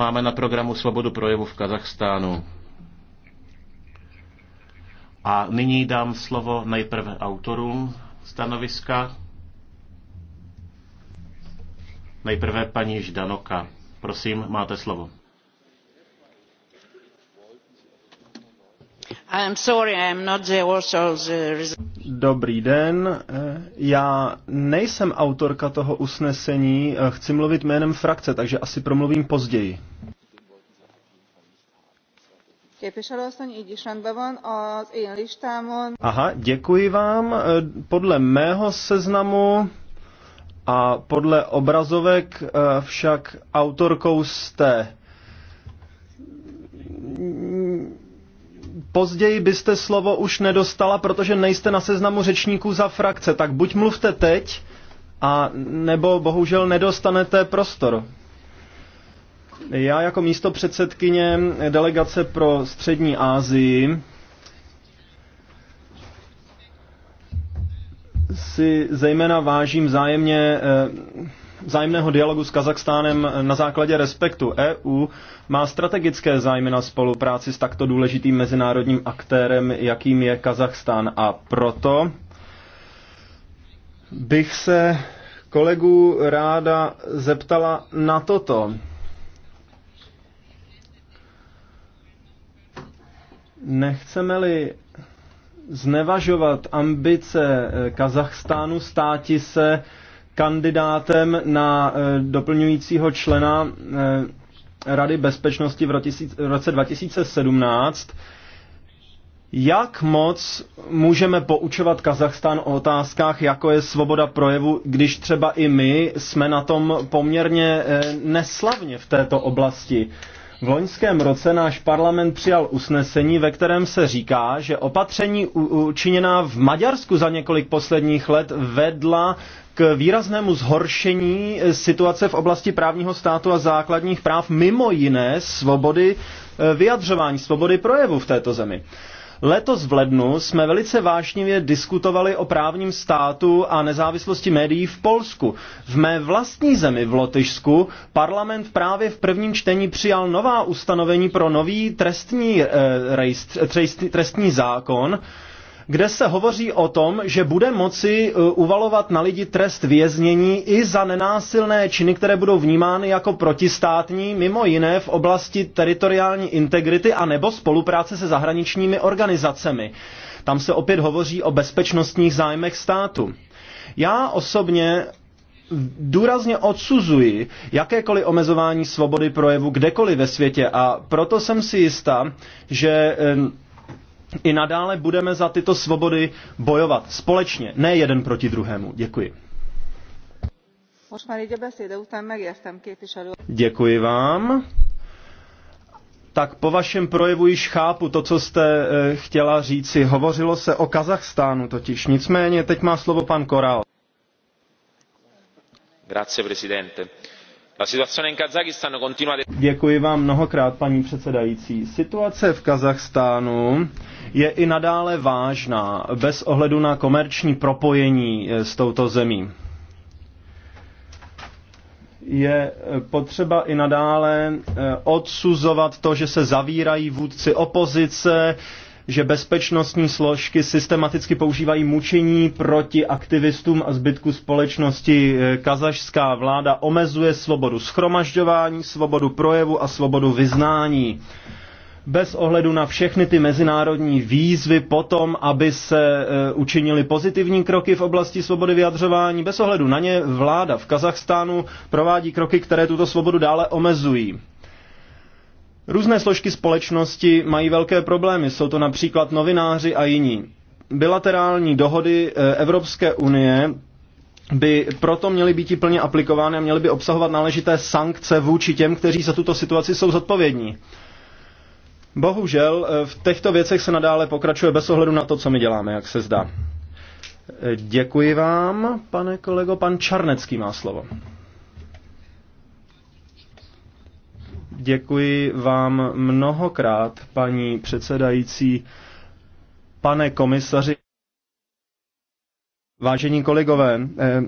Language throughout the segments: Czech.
Máme na programu Svobodu projevu v Kazachstánu. A nyní dám slovo nejprve autorům stanoviska. Nejprve paní Ždanoka. Prosím, máte slovo. Dobrý den, já nejsem autorka toho usnesení, chci mluvit jménem frakce, takže asi promluvím později. Aha, děkuji vám. Podle mého seznamu a podle obrazovek eh, však autorkou jste Později byste slovo už nedostala, protože nejste na seznamu řečníků za frakce, tak buď mluvte teď, a nebo bohužel nedostanete prostor. Já jako místo předsedkyně delegace pro střední Asii si zejména vážím zájemně eh, vzájemného dialogu s Kazachstánem na základě respektu. EU má strategické zájmy na spolupráci s takto důležitým mezinárodním aktérem, jakým je Kazachstán. A proto bych se kolegů ráda zeptala na toto. Nechceme-li znevažovat ambice Kazachstánu státi se kandidátem na eh, doplňujícího člena eh, Rady bezpečnosti v roce 2017. Jak moc můžeme poučovat Kazachstán o otázkách, jako je svoboda projevu, když třeba i my jsme na tom poměrně eh, neslavně v této oblasti? V loňském roce náš parlament přijal usnesení, ve kterém se říká, že opatření učiněná v Maďarsku za několik posledních let vedla k výraznému zhoršení eh, situace v oblasti právního státu a základních práv, mimo jiné svobody eh, vyjadřování, svobody projevu v této zemi. Letos v lednu jsme velice vášnivě diskutovali o právním státu a nezávislosti médií v Polsku. V mé vlastní zemi v Lotyšsku parlament právě v prvním čtení přijal nová ustanovení pro nový trestní, eh, rejst, trestní, trestní zákon, kde se hovoří o tom, že bude moci e, uvalovat na lidi trest věznění i za nenásilné činy, které budou vnímány jako protistátní, mimo jiné v oblasti teritoriální integrity a nebo spolupráce se zahraničními organizacemi. Tam se opět hovoří o bezpečnostních zájmech státu. Já osobně důrazně odsuzuji jakékoliv omezování svobody projevu kdekoliv ve světě a proto jsem si jistá, že e, i nadále budeme za tyto svobody bojovat společně, ne jeden proti druhému. Děkuji. Děkuji vám. Tak po vašem projevu již chápu to, co jste eh, chtěla říci. Hovořilo se o Kazachstánu totiž. Nicméně teď má slovo pan Korál. Grazie, presidente. Děkuji vám mnohokrát, paní předsedající. Situace v Kazachstánu je i nadále vážná, bez ohledu na komerční propojení eh, s touto zemí. Je eh, potřeba i nadále eh, odsuzovat to, že se zavírají vůdci opozice, že bezpečnostní složky systematicky používají mučení proti aktivistům a zbytku společnosti. E, kazašská vláda omezuje svobodu schromažďování, svobodu projevu a svobodu vyznání bez ohledu na všechny ty mezinárodní výzvy potom, aby se e, učinili pozitivní kroky v oblasti svobody vyjadřování, bez ohledu na ně vláda v Kazachstánu provádí kroky, které tuto svobodu dále omezují. Různé složky společnosti mají velké problémy, jsou to například novináři a jiní. Bilaterální dohody eh, Evropské unie by proto měly být i plně aplikovány a měly by obsahovat náležité sankce vůči těm, kteří za tuto situaci jsou zodpovědní. Bohužel eh, v těchto věcech se nadále pokračuje bez ohledu na to, co my děláme, jak se zdá. Eh, děkuji vám, pane kolego. Pan Čarnecký má slovo. Děkuji vám mnohokrát, paní předsedající, pane komisaři. Vážení kolegové, eh,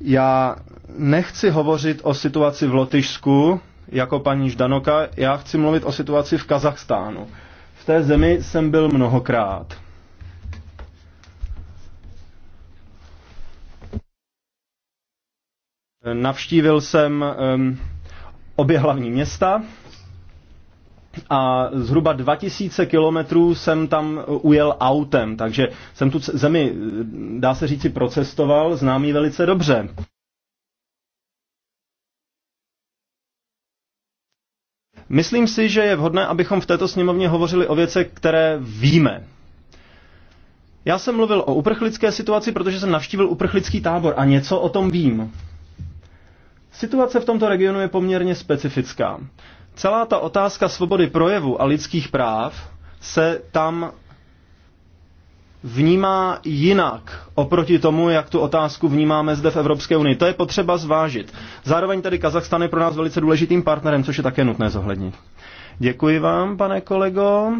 já nechci hovořit o situaci v Lotyšsku jako paní Ždanoka, já chci mluvit o situaci v Kazachstánu. V té zemi jsem byl mnohokrát. Navštívil jsem ehm, obě hlavní města a zhruba 2000 kilometrů jsem tam eh, ujel autem, takže jsem tu zemi, eh, dá se říci, procestoval, znám ji velice dobře. Myslím si, že je vhodné, abychom v této sněmovně hovořili o věcech, které víme. Já jsem mluvil o uprchlické situaci, protože jsem navštívil uprchlický tábor a něco o tom vím. Situace v tomto regionu je poměrně specifická. Celá ta otázka svobody projevu a lidských práv se tam vnímá jinak oproti tomu, jak tu otázku vnímáme zde v Evropské unii. To je potřeba zvážit. Zároveň tedy Kazachstan je pro nás velice důležitým partnerem, což je také nutné zohlednit. Děkuji vám, pane kolego.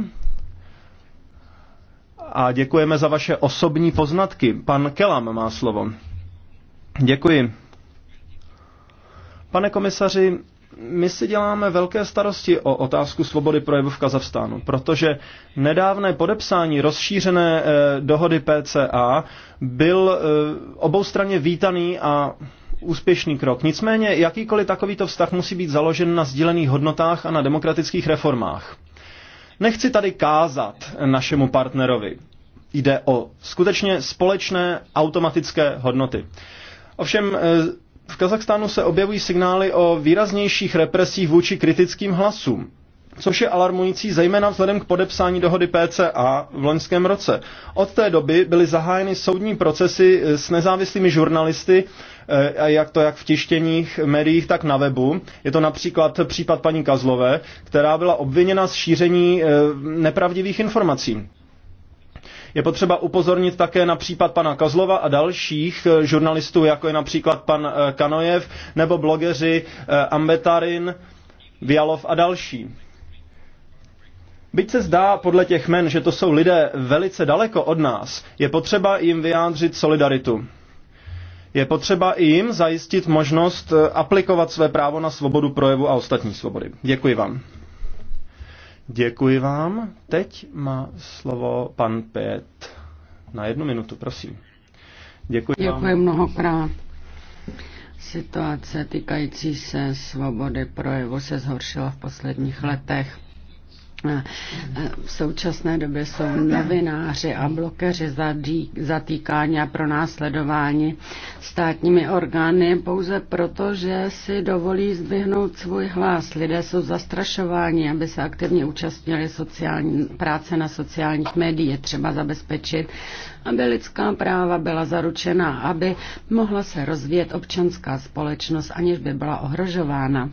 A děkujeme za vaše osobní poznatky. Pan Kelam má slovo. Děkuji. Pane komisaři, my si děláme velké starosti o otázku svobody projevu v Kazachstánu, protože nedávné podepsání rozšířené eh, dohody PCA byl eh, oboustranně vítaný a úspěšný krok. Nicméně jakýkoliv takovýto vztah musí být založen na sdílených hodnotách a na demokratických reformách. Nechci tady kázat našemu partnerovi. Jde o skutečně společné automatické hodnoty. Ovšem eh, v Kazachstánu se objevují signály o výraznějších represích vůči kritickým hlasům což je alarmující zejména vzhledem k podepsání dohody PCA v loňském roce. Od té doby byly zahájeny soudní procesy eh, s nezávislými žurnalisty, eh, jak to jak v tištěních médiích, tak na webu. Je to například případ paní Kazlové, která byla obviněna z šíření eh, nepravdivých informací. Je potřeba upozornit také na případ pana Kozlova a dalších eh, žurnalistů, jako je například pan eh, Kanojev nebo blogeři eh, Ambetarin, Vialov a další. Byť se zdá podle těch men, že to jsou lidé velice daleko od nás, je potřeba jim vyjádřit solidaritu. Je potřeba i jim zajistit možnost aplikovat své právo na svobodu projevu a ostatní svobody. Děkuji vám. Děkuji vám. Teď má slovo pan Pět. Na jednu minutu, prosím. Děkuji, Děkuji vám. mnohokrát. Situace týkající se svobody projevu se zhoršila v posledních letech v současné době jsou novináři a blokeři zatýkáni a pronásledováni státními orgány pouze proto, že si dovolí zdvihnout svůj hlas. Lidé jsou zastrašováni, aby se aktivně účastnili sociální, práce na sociálních médiích. Je třeba zabezpečit, aby lidská práva byla zaručena, aby mohla se rozvíjet občanská společnost, aniž by byla ohrožována.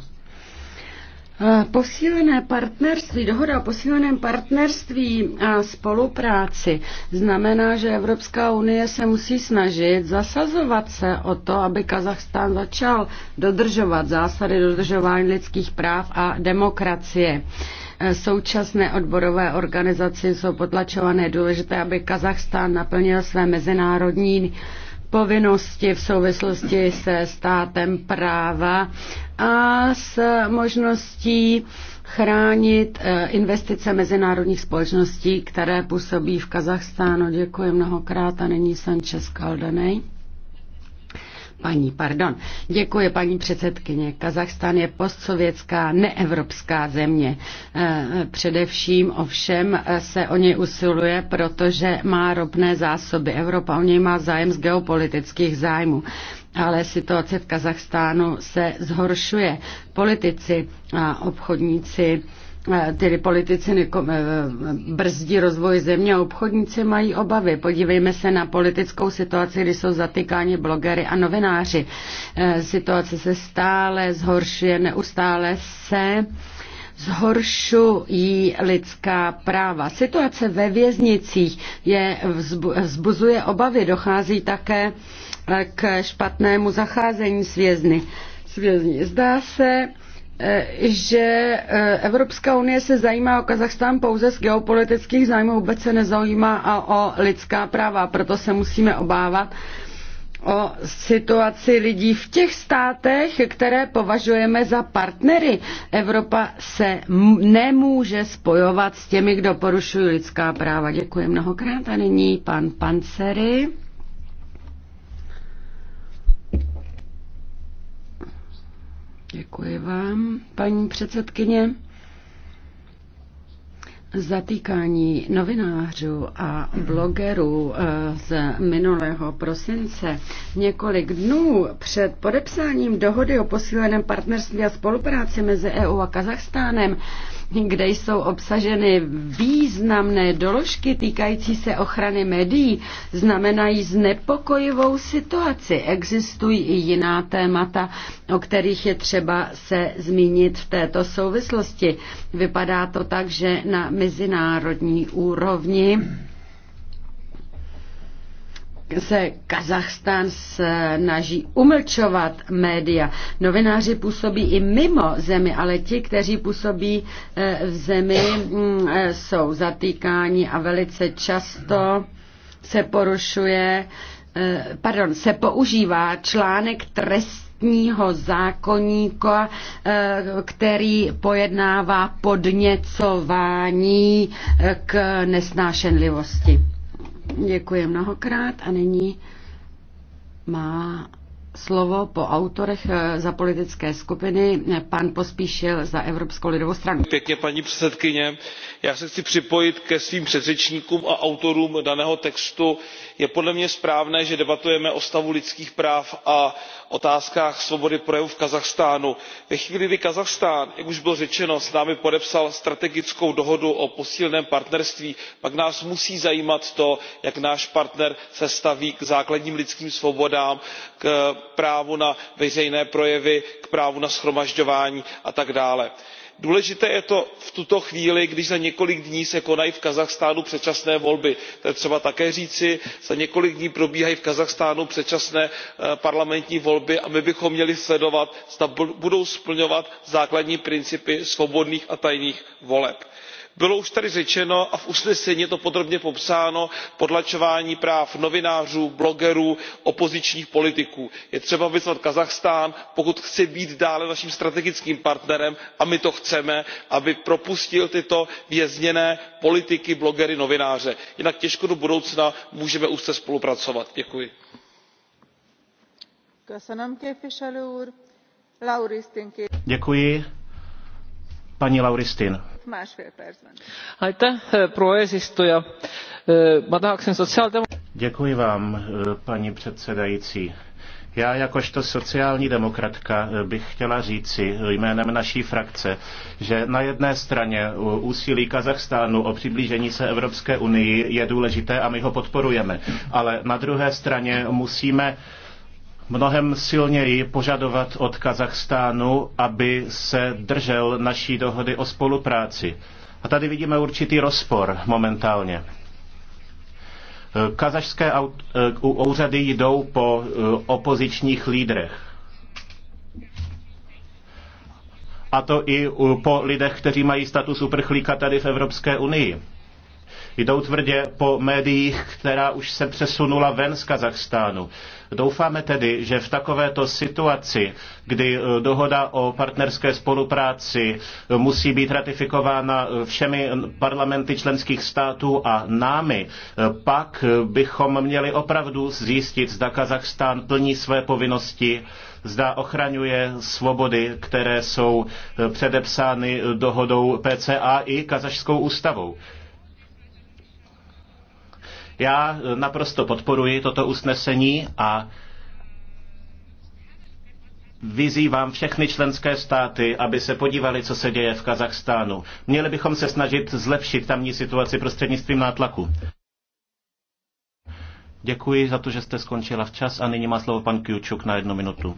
Eh, posílené partnerství, dohoda o posíleném partnerství a spolupráci znamená, že Evropská unie se musí snažit zasazovat se o to, aby Kazachstán začal dodržovat zásady dodržování lidských práv a demokracie. Eh, současné odborové organizace jsou potlačované důležité, aby Kazachstán naplnil své mezinárodní povinnosti v souvislosti se státem práva a s možností chránit eh, investice mezinárodních společností, které působí v Kazachstánu. Děkuji mnohokrát a nyní Sanchez Caldanej. Paní, pardon. Děkuji, paní předsedkyně. Kazachstan je postsovětská, neevropská země. Eh, především ovšem se o něj usiluje, protože má ropné zásoby. Evropa o něj má zájem z geopolitických zájmů ale situace v Kazachstánu se zhoršuje. Politici a obchodníci Eh, tedy politici nekom, eh, brzdí rozvoj země a obchodníci mají obavy. Podívejme se na politickou situaci, kdy jsou zatýkáni blogery a novináři. Eh, situace se stále zhoršuje, neustále se zhoršují lidská práva. Situace ve věznicích je, vzbuzuje obavy, dochází také k špatnému zacházení s vězny. S vězni. Zdá se, Eh, že eh, Evropská unie se zajímá o Kazachstán pouze z geopolitických zájmů, vůbec se nezajímá a o lidská práva, proto se musíme obávat o situaci lidí v těch státech, které považujeme za partnery. Evropa se nemůže spojovat s těmi, kdo porušují lidská práva. Děkuji mnohokrát a nyní pan Pancery. Děkuji vám, paní předsedkyně. Zatýkání novinářů a blogerů eh, z minulého prosince několik dnů před podepsáním dohody o posíleném partnerství a spolupráci mezi EU a Kazachstánem kde jsou obsaženy významné doložky týkající se ochrany médií, znamenají znepokojivou situaci. Existují i jiná témata, o kterých je třeba se zmínit v této souvislosti. Vypadá to tak, že na mezinárodní úrovni se Kazachstán snaží umlčovat média. Novináři působí i mimo zemi, ale ti, kteří působí eh, v zemi, mm, eh, jsou zatýkáni a velice často se porušuje, eh, pardon, se používá článek trestního zákoníka, který pojednává podněcování k nesnášenlivosti. Děkuji mnohokrát a nyní má slovo po autorech eh, za politické skupiny eh, pan Pospíšil za Evropskou lidovou stranu. Pěkně paní předsedkyně, já se chci připojit ke svým předřečníkům a autorům daného textu. Je podle mě správné, že debatujeme o stavu lidských práv a otázkách svobody projevu v kazachstánu. ve chvíli kdy kazachstán jak už bylo řečeno s námi podepsal strategickou dohodu o posíleném partnerství pak nás musí zajímat to jak náš partner staví k základním lidským svobodám k právu na veřejné projevy k právu na shromažďování atd důležité je to v tuto chvíli když za několik dní se konají v kazachstánu předčasné volby to je třeba také říci za několik dní probíhají v kazachstánu předčasné eh, parlamentní volby a my bychom měli sledovat zda budou splňovat základní principy svobodných a tajných voleb bylo už tady řečeno a v usnesení je to podrobně popsáno potlačování práv novinářů blogerů opozičních politiků. je třeba vyzvat kazachstán pokud chce být dále naším strategickým partnerem a my to chceme aby propustil tyto vězněné politiky blogery novináře jinak těžko do budoucna můžeme úzce spolupracovat. děkuji. Děkuji. Paní Lauristin. Eh, pro eh, eh, paní předsedající já jakožto sociální demokratka bych chtěla říci jménem naší frakce, že na jedné straně úsilí Kazachstánu o přiblížení se Evropské unii je důležité a my ho podporujeme, ale na druhé straně musíme mnohem silněji požadovat od Kazachstánu, aby se držel naší dohody o spolupráci. A tady vidíme určitý rozpor momentálně. Kazašské eh, úřady jdou po eh, opozičních lídrech. A to i eh, po lidech, kteří mají status uprchlíka tady v Evropské unii. Jdou tvrdě po médiích, která už se přesunula ven z Kazachstánu. Doufáme tedy, že v takovéto situaci, kdy eh, dohoda o partnerské spolupráci eh, musí být ratifikována eh, všemi parlamenty členských států a námi, pak bychom měli opravdu zjistit, zda Kazachstán plní své povinnosti zda ochraňuje svobody, které jsou předepsány dohodou PCA i kazašskou ústavou. Já eh, naprosto podporuji toto usnesení a vyzývám všechny členské státy, aby se podívali, co se děje v Kazachstánu. Měli bychom se snažit zlepšit tamní situaci prostřednictvím nátlaku. Děkuji za to, že jste skončila včas a nyní má slovo pan Kjučuk na jednu minutu.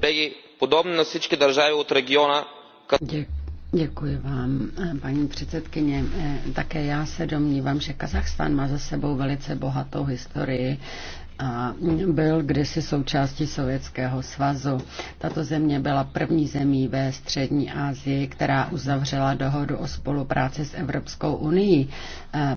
Děkuji. Děkuji vám, eh, paní předsedkyně. Eh, také já se domnívám, že Kazachstán má za sebou velice bohatou historii a byl kdysi součástí Sovětského svazu. Tato země byla první zemí ve střední Asii, která uzavřela dohodu o spolupráci s Evropskou unii.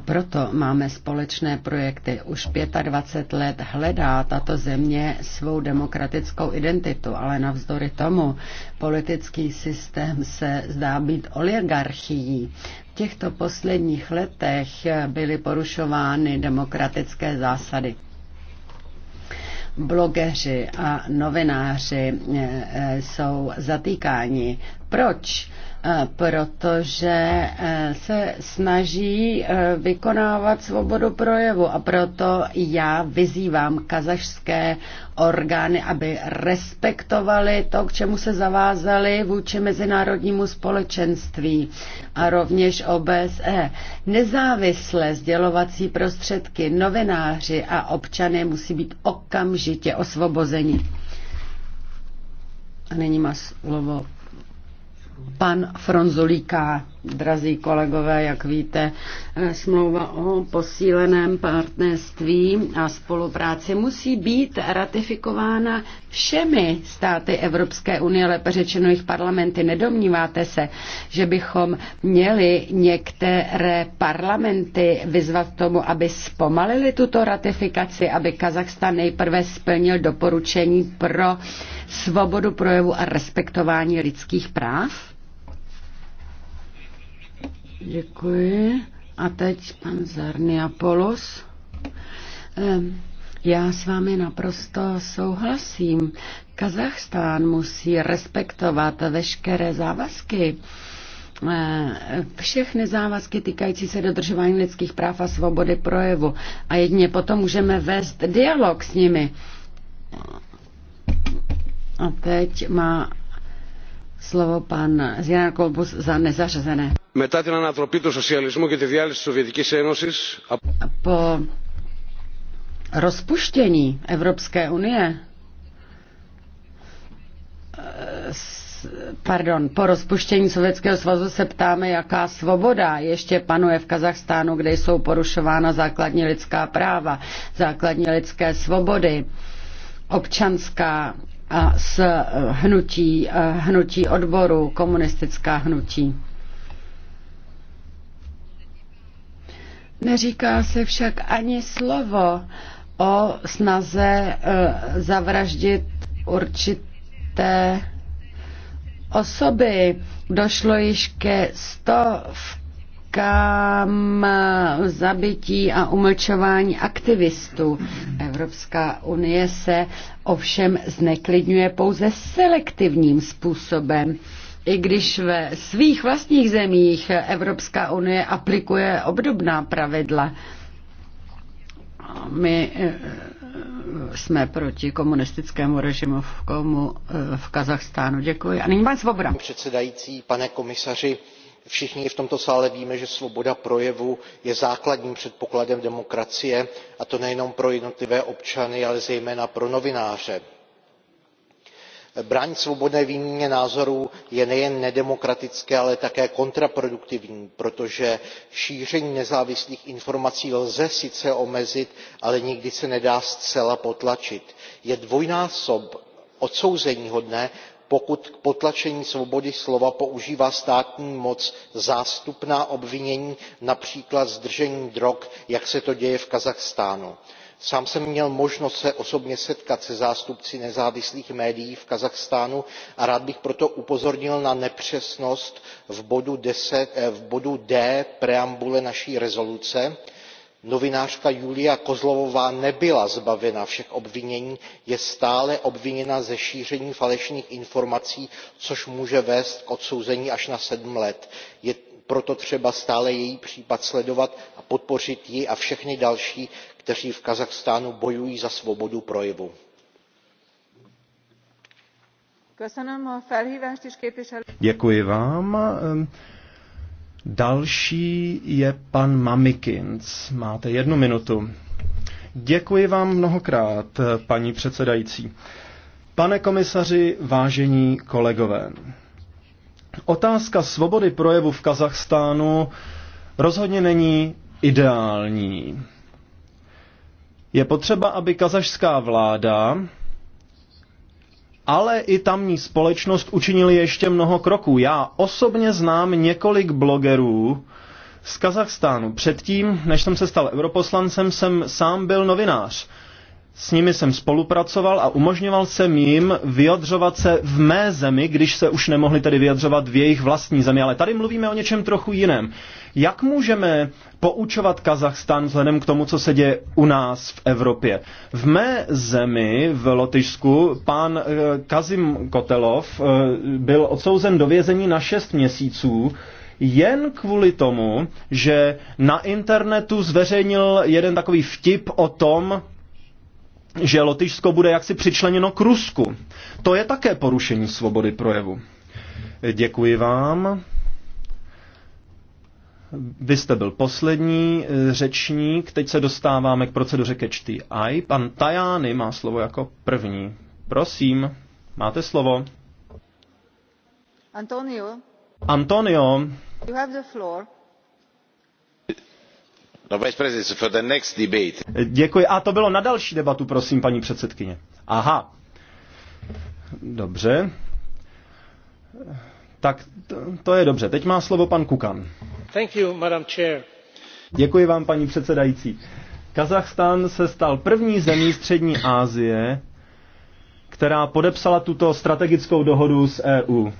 Proto máme společné projekty. Už 25 let hledá tato země svou demokratickou identitu, ale navzdory tomu politický systém se zdá být oligarchií těchto posledních letech byly porušovány demokratické zásady blogeři a novináři eh, jsou zatýkáni. Proč? Eh, protože eh, se snaží eh, vykonávat svobodu projevu a proto já vyzývám kazašské orgány, aby respektovali to, k čemu se zavázali vůči mezinárodnímu společenství a rovněž OBSE. Nezávislé sdělovací prostředky, novináři a občané musí být okamžitě osvobozeni. A nyní má slovo Pan Fronzulíka, drazí kolegové, jak víte, eh, smlouva o posíleném partnerství a spolupráci musí být ratifikována všemi státy Evropské unie, lépe řečeno jejich parlamenty. Nedomníváte se, že bychom měli některé parlamenty vyzvat k tomu, aby zpomalili tuto ratifikaci, aby Kazachstan nejprve splnil doporučení pro svobodu projevu a respektování lidských práv? Děkuji. A teď pan Zarniapolos. Já s vámi naprosto souhlasím. Kazachstán musí respektovat veškeré závazky, všechny závazky týkající se dodržování lidských práv a svobody projevu. A jedině potom můžeme vést dialog s nimi. A teď má slovo pan Zian Kolbus za nezařazené. Metá ten anatropí do socialismu και τη sovětské της Po rozpuštění Evropské unie eh, pardon, po rozpuštění Sovětského svazu se ptáme, jaká svoboda ještě panuje v Kazachstánu, kde jsou porušována základní lidská práva, základní lidské svobody, občanská a s hnutí, hnutí odboru, komunistická hnutí. Neříká se však ani slovo o snaze e, zavraždit určité osoby. Došlo již ke stovkám otázkám eh, zabití a umlčování aktivistů. Evropská unie se ovšem zneklidňuje pouze selektivním způsobem. I když ve svých vlastních zemích Evropská unie aplikuje obdobná pravidla, my eh, jsme proti komunistickému režimu v, komu, eh, v Kazachstánu. Děkuji. A nyní pan Svoboda. Předsedající, pane komisaři, všichni v tomto sále víme že svoboda projevu je základním předpokladem demokracie a to nejenom pro jednotlivé občany ale zejména pro novináře. bránit svobodné výměně názorů je nejen nedemokratické ale také kontraproduktivní protože šíření nezávislých informací lze sice omezit ale nikdy se nedá zcela potlačit. je dvojnásob odsouzeníhodné pokud k potlačení svobody slova používá státní moc zástupná obvinění například z držení drog jak se to děje v kazachstánu. sám jsem měl možnost se osobně setkat se zástupci nezávislých médií v kazachstánu a rád bych proto upozornil na nepřesnost v bodu eh, d preambule naší rezoluce kde novinářka julija kozlovová nebyla zbavena všech obvinění je stále obviněna ze šíření falešných informací což může vést k odsouzení až na seven let. je proto třeba stále její případ sledovat a podpořit ji a všechny další kteří v kazachstánu bojují za svobodu projevu. Další je pan Mamikins. Máte jednu minutu. Děkuji vám mnohokrát, paní předsedající. Pane komisaři, vážení kolegové, otázka svobody projevu v Kazachstánu rozhodně není ideální. Je potřeba, aby kazašská vláda ale i tamní společnost učinili ještě mnoho kroků. Já osobně znám několik blogerů z Kazachstánu. Předtím, než jsem se stal europoslancem, jsem sám byl novinář s nimi jsem spolupracoval a umožňoval jsem jim vyjadřovat se v mé zemi, když se už nemohli tedy vyjadřovat v jejich vlastní zemi. Ale tady mluvíme o něčem trochu jiném. Jak můžeme poučovat Kazachstán vzhledem k tomu, co se děje u nás v Evropě? V mé zemi, v Lotyšsku, pán eh, Kazim Kotelov eh, byl odsouzen do vězení na 6 měsíců jen kvůli tomu, že na internetu zveřejnil jeden takový vtip o tom, že Lotyšsko bude jaksi přičleněno k Rusku. To je také porušení svobody projevu. Děkuji vám. Vy jste byl poslední eh, řečník, teď se dostáváme k proceduře ke the Aj, Pan Tajány má slovo jako první. Prosím, máte slovo. Antonio. Antonio. You have the floor. No, Děkuji. A to bylo na další debatu, prosím, paní předsedkyně. Aha. Dobře. Tak to, to je dobře. Teď má slovo pan Kukan. Thank you, Madam Chair. Děkuji vám, paní předsedající. Kazachstán se stal první zemí střední Asie, která podepsala tuto strategickou dohodu s EU.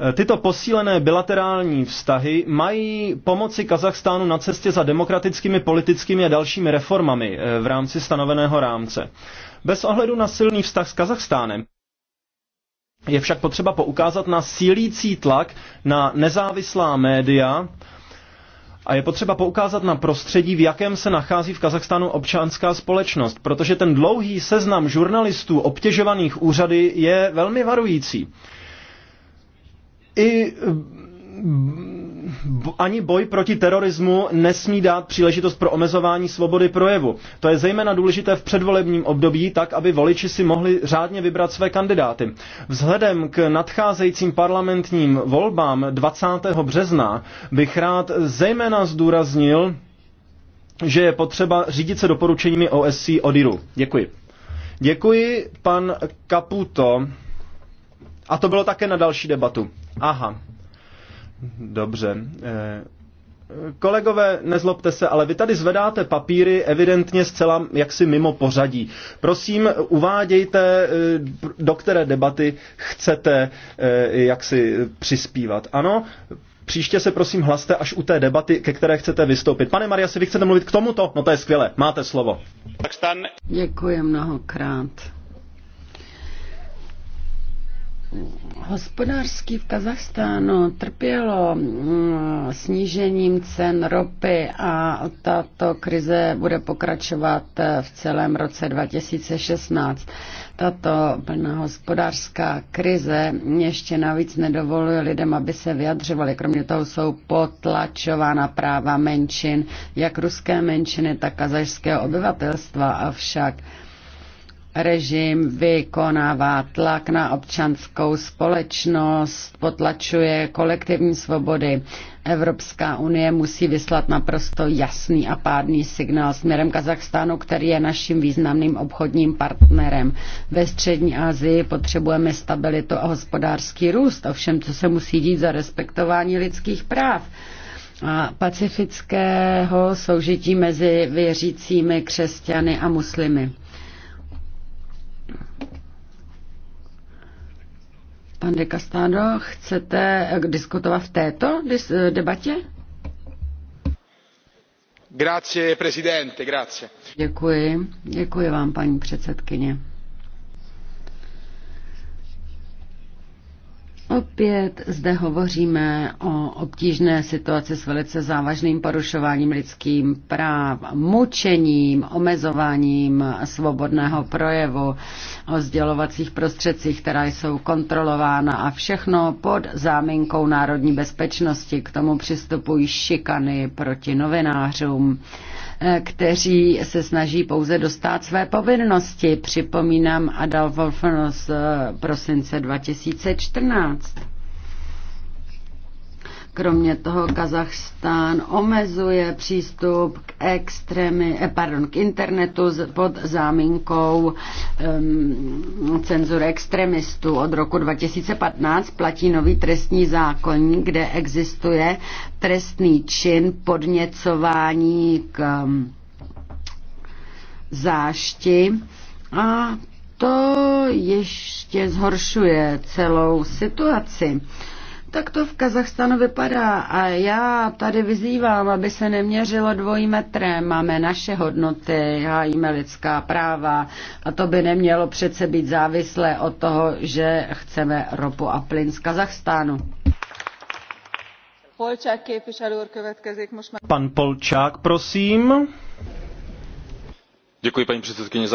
Eh, tyto posílené bilaterální vztahy mají pomoci Kazachstánu na cestě za demokratickými, politickými a dalšími reformami eh, v rámci stanoveného rámce. Bez ohledu na silný vztah s Kazachstánem je však potřeba poukázat na sílící tlak na nezávislá média a je potřeba poukázat na prostředí, v jakém se nachází v Kazachstánu občanská společnost, protože ten dlouhý seznam žurnalistů obtěžovaných úřady je velmi varující i eh, ani boj proti terorismu nesmí dát příležitost pro omezování svobody projevu. To je zejména důležité v předvolebním období, tak aby voliči si mohli řádně vybrat své kandidáty. Vzhledem k nadcházejícím parlamentním volbám 20. března bych rád zejména zdůraznil, že je potřeba řídit se doporučeními OSC ODIRu. Děkuji. Děkuji, pan Kaputo. A to bylo také na další debatu. Aha. Dobře. Eh, kolegové, nezlobte se, ale vy tady zvedáte papíry evidentně zcela jaksi mimo pořadí. Prosím, uvádějte, eh, do které debaty chcete eh, jaksi přispívat. Ano, příště se prosím hlaste až u té debaty, ke které chcete vystoupit. Pane Maria, si vy chcete mluvit k tomuto? No to je skvělé, máte slovo. Děkuji mnohokrát. Hospodářský v Kazachstánu trpělo mm, snížením cen ropy a tato krize bude pokračovat eh, v celém roce 2016. Tato plná hospodářská krize ještě navíc nedovoluje lidem, aby se vyjadřovali. Kromě toho jsou potlačována práva menšin, jak ruské menšiny, tak kazašského obyvatelstva. Avšak režim vykonává tlak na občanskou společnost, potlačuje kolektivní svobody. Evropská unie musí vyslat naprosto jasný a pádný signál směrem Kazachstánu, který je naším významným obchodním partnerem. Ve střední Asii potřebujeme stabilitu a hospodářský růst, ovšem co se musí dít za respektování lidských práv a pacifického soužití mezi věřícími křesťany a muslimy. Pan de Castano, chcete eh, diskutovat v této eh, debatě? Grazie, presidente, grazie. Děkuji, děkuji vám, paní předsedkyně. Opět zde hovoříme o obtížné situaci s velice závažným porušováním lidským práv, mučením, omezováním svobodného projevu, o sdělovacích prostředcích, která jsou kontrolována a všechno pod záminkou národní bezpečnosti. K tomu přistupují šikany proti novinářům Eh, kteří se snaží pouze dostat své povinnosti. Připomínám Adal Wolfenos z eh, prosince 2014. Kromě toho Kazachstán omezuje přístup k, extrémy, eh, pardon, k internetu pod záminkou um, cenzury extremistů. Od roku 2015 platí nový trestní zákon, kde existuje trestný čin podněcování k um, zášti a to ještě zhoršuje celou situaci. Tak to v Kazachstanu vypadá a já tady vyzývám, aby se neměřilo dvojím metrem. Máme naše hodnoty, hájíme lidská práva a to by nemělo přece být závislé od toho, že chceme ropu a plyn z Kazachstánu. Pan Polčák, prosím paní předsedající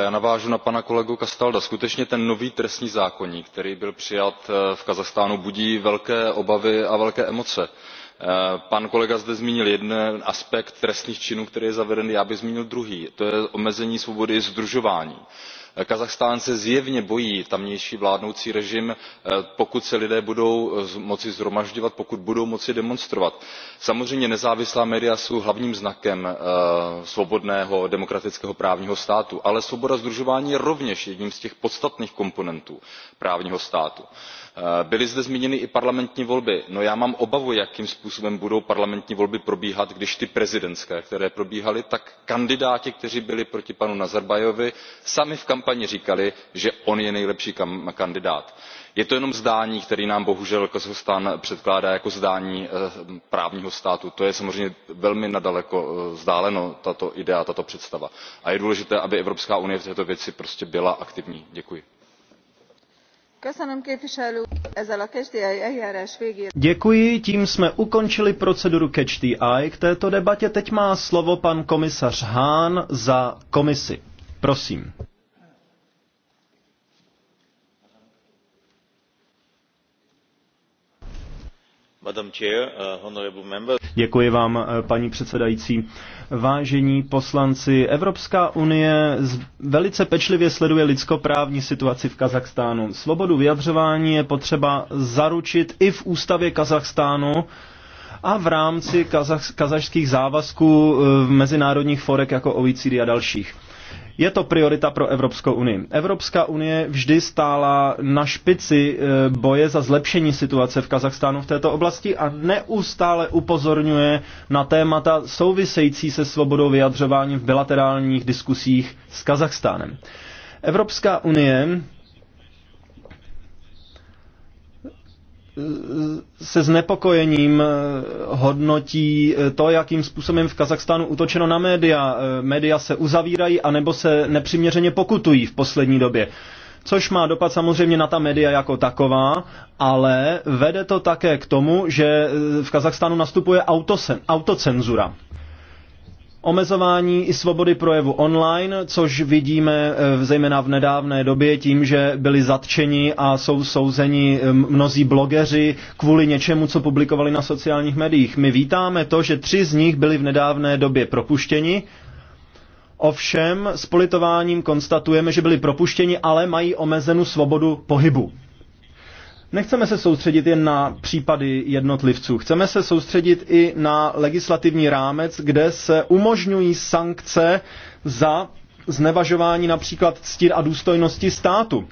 já navážu na pana kolegu castaldo. skutečně ten nový trestní zákoník který byl přijat eh, v kazachstánu budí velké obavy a velké emoce. Eh, pan kolega zde zmínil jeden aspekt trestných činů který je zaveden já bych zmínil druhý to je omezení svobody sdružování kazachstán se zjevně bojí tamější vládnoucí režim eh, pokud se lidé budou eh, moci shromažďovat pokud budou moci demonstrovat. samozřejmě nezávislá média jsou hlavním znakem eh, svobodného demokratického právního státu ale svoboda sdružování je rovněž jedním z těch podstatných komponentů právního státu. byly zde zmíněny i parlamentní volby. no já mám obavu jakým způsobem budou parlamentní volby probíhat když ty prezidentské které probíhaly tak kandidáti kteří byli proti panu nazarbájevovi sami v kampani říkali že on je nejlepší kandidát. je to jenom zdání které nám bohužel kazachstán předkládá jako zdání eh, právního státu to je samozřejmě velmi daleko eh, vzdáleno tato idea tato představa a je důležité aby evropská unie v této věci prostě byla aktivní. děkuji. Děkuji, tím jsme ukončili proceduru Catch the Eye. K této debatě teď má slovo pan komisař Hahn za komisi. Prosím. Uh, Děkuji vám, uh, paní předsedající. Vážení poslanci, Evropská unie velice pečlivě sleduje lidskoprávní situaci v Kazachstánu. Svobodu vyjadřování je potřeba zaručit i v ústavě Kazachstánu a v rámci kazach, kazašských závazků uh, v mezinárodních forek jako OECD a dalších. Je to priorita pro Evropskou unii. Evropská unie vždy stála na špici eh, boje za zlepšení situace v Kazachstánu v této oblasti a neustále upozorňuje na témata související se svobodou vyjadřování v bilaterálních diskusích s Kazachstánem. Evropská unie se znepokojením eh, hodnotí eh, to, jakým způsobem v Kazachstánu útočeno na média. Eh, média se uzavírají anebo se nepřiměřeně pokutují v poslední době. Což má dopad samozřejmě na ta média jako taková, ale vede to také k tomu, že v Kazachstánu nastupuje autocenzura. Omezování i svobody projevu online, což vidíme eh, zejména v nedávné době tím, že byli zatčeni a jsou souzeni eh, mnozí blogeři kvůli něčemu, co publikovali na sociálních médiích. My vítáme to, že tři z nich byli v nedávné době propuštěni, Ovšem s politováním konstatujeme, že byli propuštěni, ale mají omezenou svobodu pohybu. Nechceme se soustředit jen na případy jednotlivců, chceme se soustředit i na legislativní rámec, kde se umožňují sankce za znevažování například ctír a důstojnosti státu.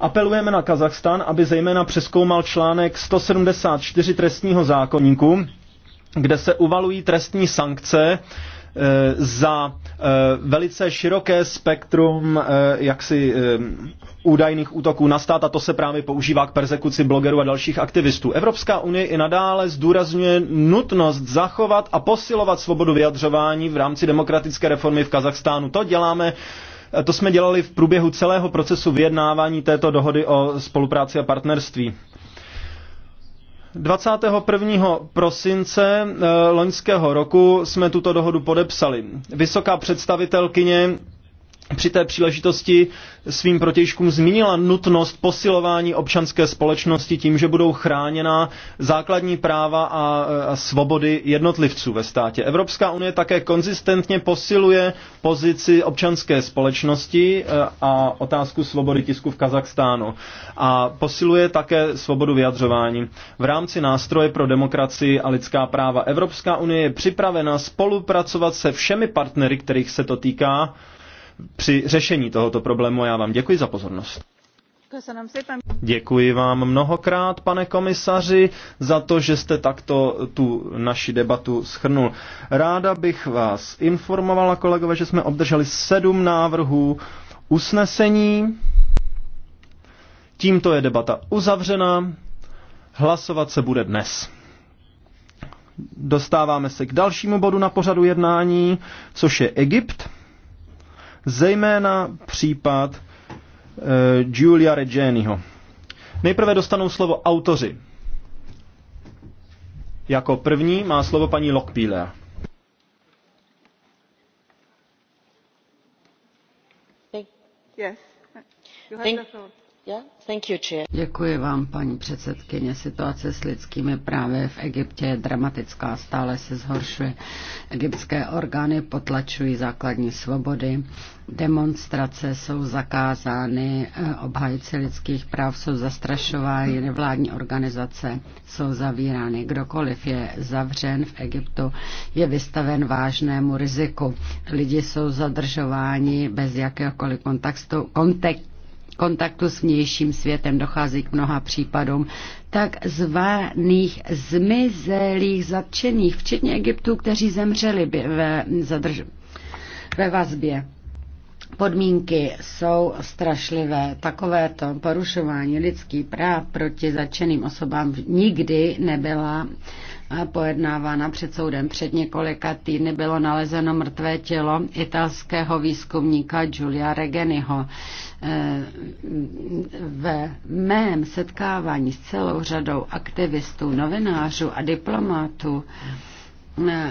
Apelujeme na Kazachstan, aby zejména přeskoumal článek 174 trestního zákonníku, kde se uvalují trestní sankce Eh, za eh, velice široké spektrum eh, jaksi údajných útoků na stát a to se právě používá k persekuci blogerů a dalších aktivistů. Evropská unie i nadále zdůrazňuje nutnost zachovat a posilovat svobodu vyjadřování v rámci demokratické reformy v Kazachstánu. To děláme to jsme dělali v průběhu celého procesu vyjednávání této dohody o spolupráci a partnerství. 21. prosince eh, loňského roku jsme tuto dohodu podepsali. Vysoká představitelkyně při té příležitosti svým protějškům zmínila nutnost posilování občanské společnosti tím, že budou chráněna základní práva a, a svobody jednotlivců ve státě. Evropská unie také konzistentně posiluje pozici občanské společnosti e, a otázku svobody tisku v Kazachstánu a posiluje také svobodu vyjadřování. V rámci nástroje pro demokracii a lidská práva Evropská unie je připravena spolupracovat se všemi partnery, kterých se to týká, při řešení tohoto problému. Já vám děkuji za pozornost. Děkuji vám mnohokrát, pane komisaři, za to, že jste takto tu naši debatu schrnul. Ráda bych vás informovala, kolegové, že jsme obdrželi sedm návrhů usnesení. Tímto je debata uzavřena. Hlasovat se bude dnes. Dostáváme se k dalšímu bodu na pořadu jednání, což je Egypt zejména případ uh, Giulia Reggianiho. Nejprve dostanou slovo autoři. Jako první má slovo paní Lockpiller. Děkuji vám, paní předsedkyně. Situace s lidskými právy v Egyptě je dramatická, stále se zhoršuje. Egyptské orgány potlačují základní svobody, Demonstrace jsou zakázány, eh, obhajci lidských práv jsou zastrašovány, nevládní organizace jsou zavírány. Kdokoliv je zavřen v Egyptu, je vystaven vážnému riziku. Lidi jsou zadržováni bez jakéhokoliv kontaktu, kontek, kontaktu s vnějším světem dochází k mnoha případům takzvaných zmizelých zatčených, včetně Egyptů, kteří zemřeli ve, zadrž- ve vazbě. Podmínky jsou strašlivé. Takovéto porušování lidských práv proti začeným osobám nikdy nebyla eh, pojednávána před soudem. Před několika týdny bylo nalezeno mrtvé tělo italského výzkumníka Giulia Regeniho. Eh, ve mém setkávání s celou řadou aktivistů, novinářů a diplomátů eh,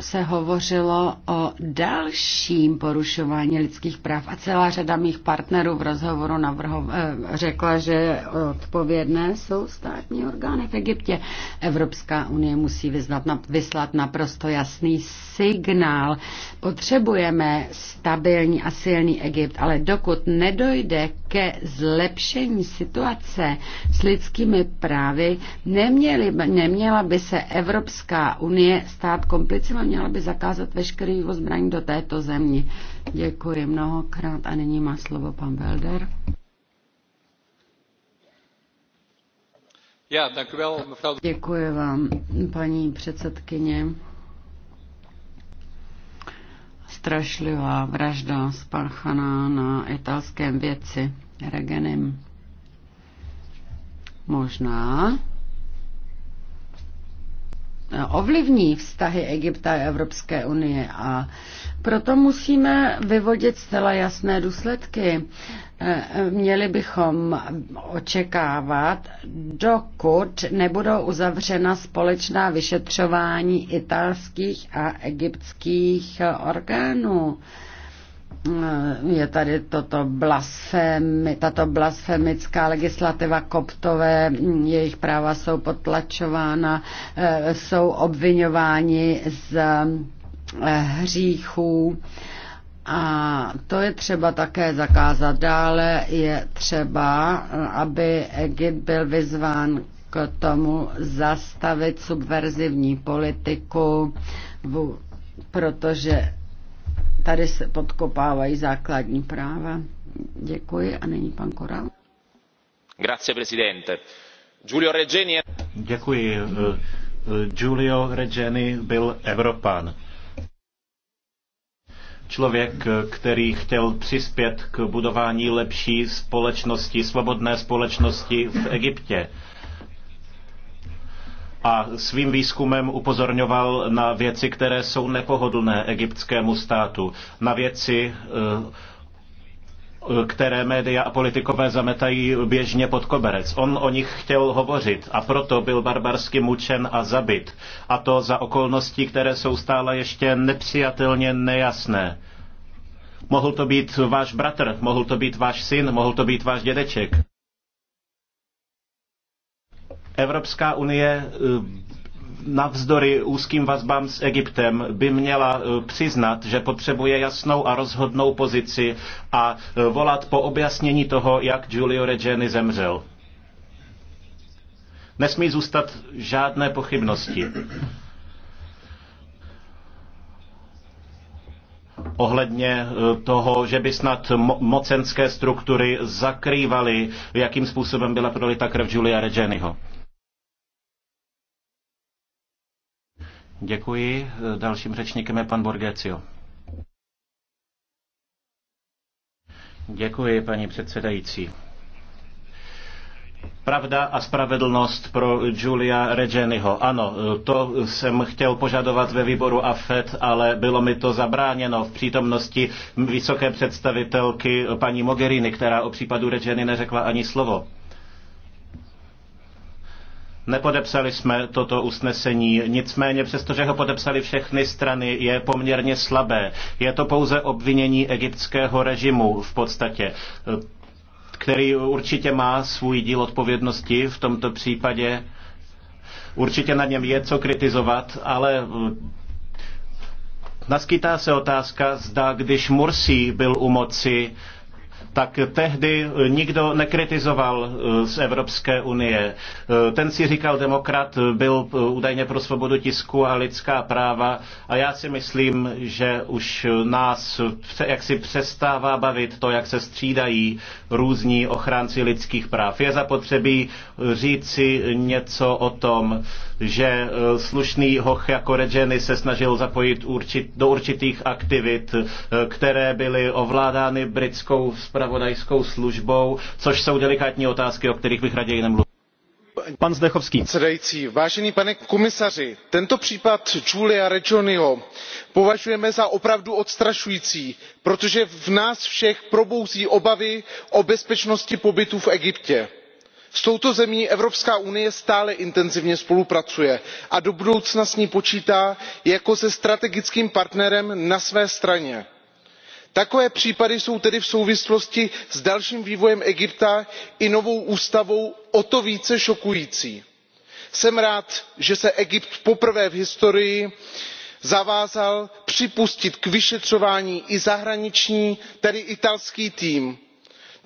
se hovořilo o dalším porušování lidských práv a celá řada mých partnerů v rozhovoru navrho, eh, řekla, že odpovědné jsou státní orgány v Egyptě. Evropská unie musí vyznat, vyslat naprosto jasný signál. Potřebujeme stabilní a silný Egypt, ale dokud nedojde ke zlepšení situace s lidskými právy, neměli, neměla by se Evropská unie stát komplicem měla by zakázat veškerý vývoz zbraní do této země. Děkuji mnohokrát a nyní má slovo pan Belder. Děkuji vám, paní předsedkyně. Strašlivá vražda spáchaná na italském věci Regenem. Možná ovlivní vztahy Egypta a Evropské unie a proto musíme vyvodit zcela jasné důsledky. Eh, měli bychom očekávat, dokud nebudou uzavřena společná vyšetřování italských a egyptských orgánů. Eh, je tady toto blasfemi, tato blasfemická legislativa koptové, mm, jejich práva jsou potlačována, eh, jsou obvinováni z eh, hříchů a to je třeba také zakázat. Dále je třeba, aby Egypt byl vyzván k tomu zastavit subverzivní politiku, protože tady se podkopávají základní práva. Děkuji a není pan Koral. Grazie, presidente. Giulio Regeni... Děkuji. Eh, eh, Giulio Regeni byl Evropan člověk, který chtěl přispět k budování lepší společnosti, svobodné společnosti v Egyptě a svým výzkumem upozorňoval na věci, které jsou nepohodlné egyptskému státu, na věci, eh, eh, které média a politikové zametají běžně pod koberec. On o nich chtěl hovořit a proto byl barbarsky mučen a zabit. A to za okolnosti, které jsou stále ještě nepřijatelně nejasné. Mohl to být váš bratr, mohl to být váš syn, mohl to být váš dědeček. Evropská unie eh, navzdory úzkým vazbám s Egyptem by měla eh, přiznat, že potřebuje jasnou a rozhodnou pozici a eh, volat po objasnění toho, jak Giulio Regeni zemřel. Nesmí zůstat žádné pochybnosti. ohledně toho, že by snad mo- mocenské struktury zakrývaly, jakým způsobem byla prolita krev Julia Regeniho. Děkuji. Dalším řečníkem je pan Borgecio. Děkuji, paní předsedající. Pravda a spravedlnost pro Julia Regeniho. Ano, to jsem chtěl požadovat ve výboru AFET, ale bylo mi to zabráněno v přítomnosti vysoké představitelky paní Mogherini, která o případu Regeny neřekla ani slovo. Nepodepsali jsme toto usnesení, nicméně přestože ho podepsali všechny strany, je poměrně slabé. Je to pouze obvinění egyptského režimu v podstatě který určitě má svůj díl odpovědnosti v tomto případě. Určitě na něm je co kritizovat, ale eh, naskytá se otázka, zda když Mursi byl u moci, tak tehdy nikdo nekritizoval eh, z Evropské unie. Eh, ten si říkal demokrat, eh, byl údajně pro svobodu tisku a lidská práva a já si myslím, že už nás jaksi přestává bavit to, jak se střídají různí ochránci lidských práv. Je zapotřebí říci něco o tom, že eh, slušný hoch jako Regeny se snažil zapojit určit, do určitých aktivit, eh, které byly ovládány britskou spravodajskou službou, což jsou delikátní otázky, o kterých bych raději nemluvil. Pan Zdechovský. Předající, vážený pane komisaři, tento případ Julia Regioniho považujeme za opravdu odstrašující, protože v nás všech probouzí obavy o bezpečnosti pobytu v Egyptě s touto zemí evropská unie stále intenzivně spolupracuje a do budoucna s ní počítá jako se strategickým partnerem na své straně. takové případy jsou tedy v souvislosti s dalším vývojem egypta i novou ústavou o to více šokující. jsem rád že se egypt poprvé v historii zavázal připustit k vyšetřování i zahraniční tedy italský tým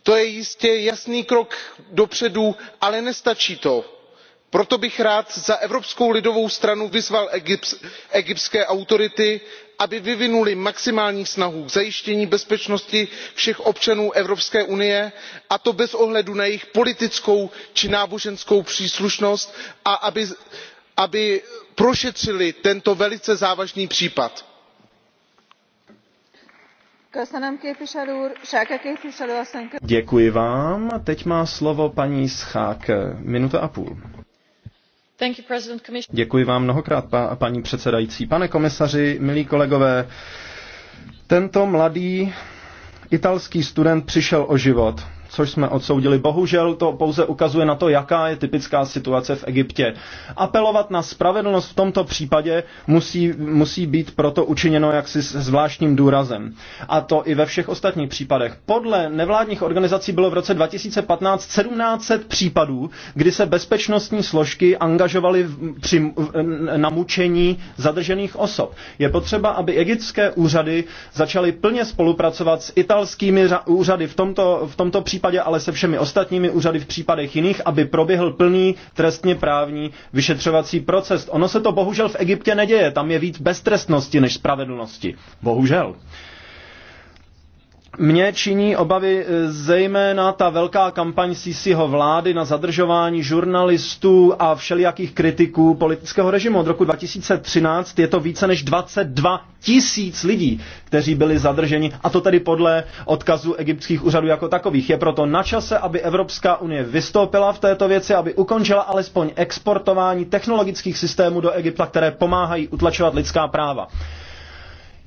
to je jistě jasný krok dopředu ale nestačí to. proto bych rád za evropskou lidovou stranu vyzval egyptské autority aby vyvinuly maximální snahu k zajištění bezpečnosti všech občanů evropské unie a to bez ohledu na jejich politickou či náboženskou příslušnost a aby prošetřily tento velice závažný případ. Děkuji vám. Teď má slovo paní Schák. Minuta a půl. Děkuji vám mnohokrát, paní předsedající. Pane komisaři, milí kolegové, tento mladý italský student přišel o život což jsme odsoudili. Bohužel to pouze ukazuje na to, jaká je typická situace v Egyptě. Apelovat na spravedlnost v tomto případě musí, musí být proto učiněno jaksi s zvláštním důrazem. A to i ve všech ostatních případech. Podle nevládních organizací bylo v roce 2015 1700 případů, kdy se bezpečnostní složky angažovaly při, na mučení zadržených osob. Je potřeba, aby egyptské úřady začaly plně spolupracovat s italskými úřady v tomto, v tomto případě případě, ale se všemi ostatními úřady v případech jiných, aby proběhl plný trestně právní vyšetřovací proces. Ono se to bohužel v Egyptě neděje, tam je víc beztrestnosti než spravedlnosti. Bohužel. Mně činí obavy eh, zejména ta velká kampaň Sisiho vlády na zadržování žurnalistů a všelijakých kritiků politického režimu. Od roku 2013 je to více než 22 tisíc lidí, kteří byli zadrženi, a to tedy podle odkazu egyptských úřadů jako takových. Je proto na čase, aby Evropská unie vystoupila v této věci, aby ukončila alespoň exportování technologických systémů do Egypta, které pomáhají utlačovat lidská práva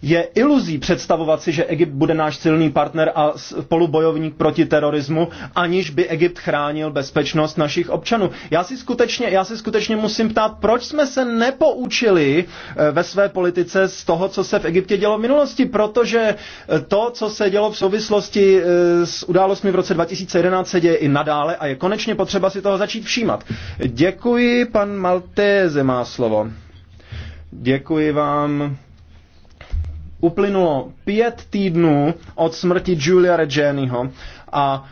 je iluzí představovat si, že Egypt bude náš silný partner a spolubojovník proti terorismu, aniž by Egypt chránil bezpečnost našich občanů. Já si skutečně, já si skutečně musím ptát, proč jsme se nepoučili eh, ve své politice z toho, co se v Egyptě dělo v minulosti, protože eh, to, co se dělo v souvislosti eh, s událostmi v roce 2011, se děje i nadále a je konečně potřeba si toho začít všímat. Děkuji, pan Maltéze má slovo. Děkuji vám uplynulo pět týdnů od smrti Julia Regeniho a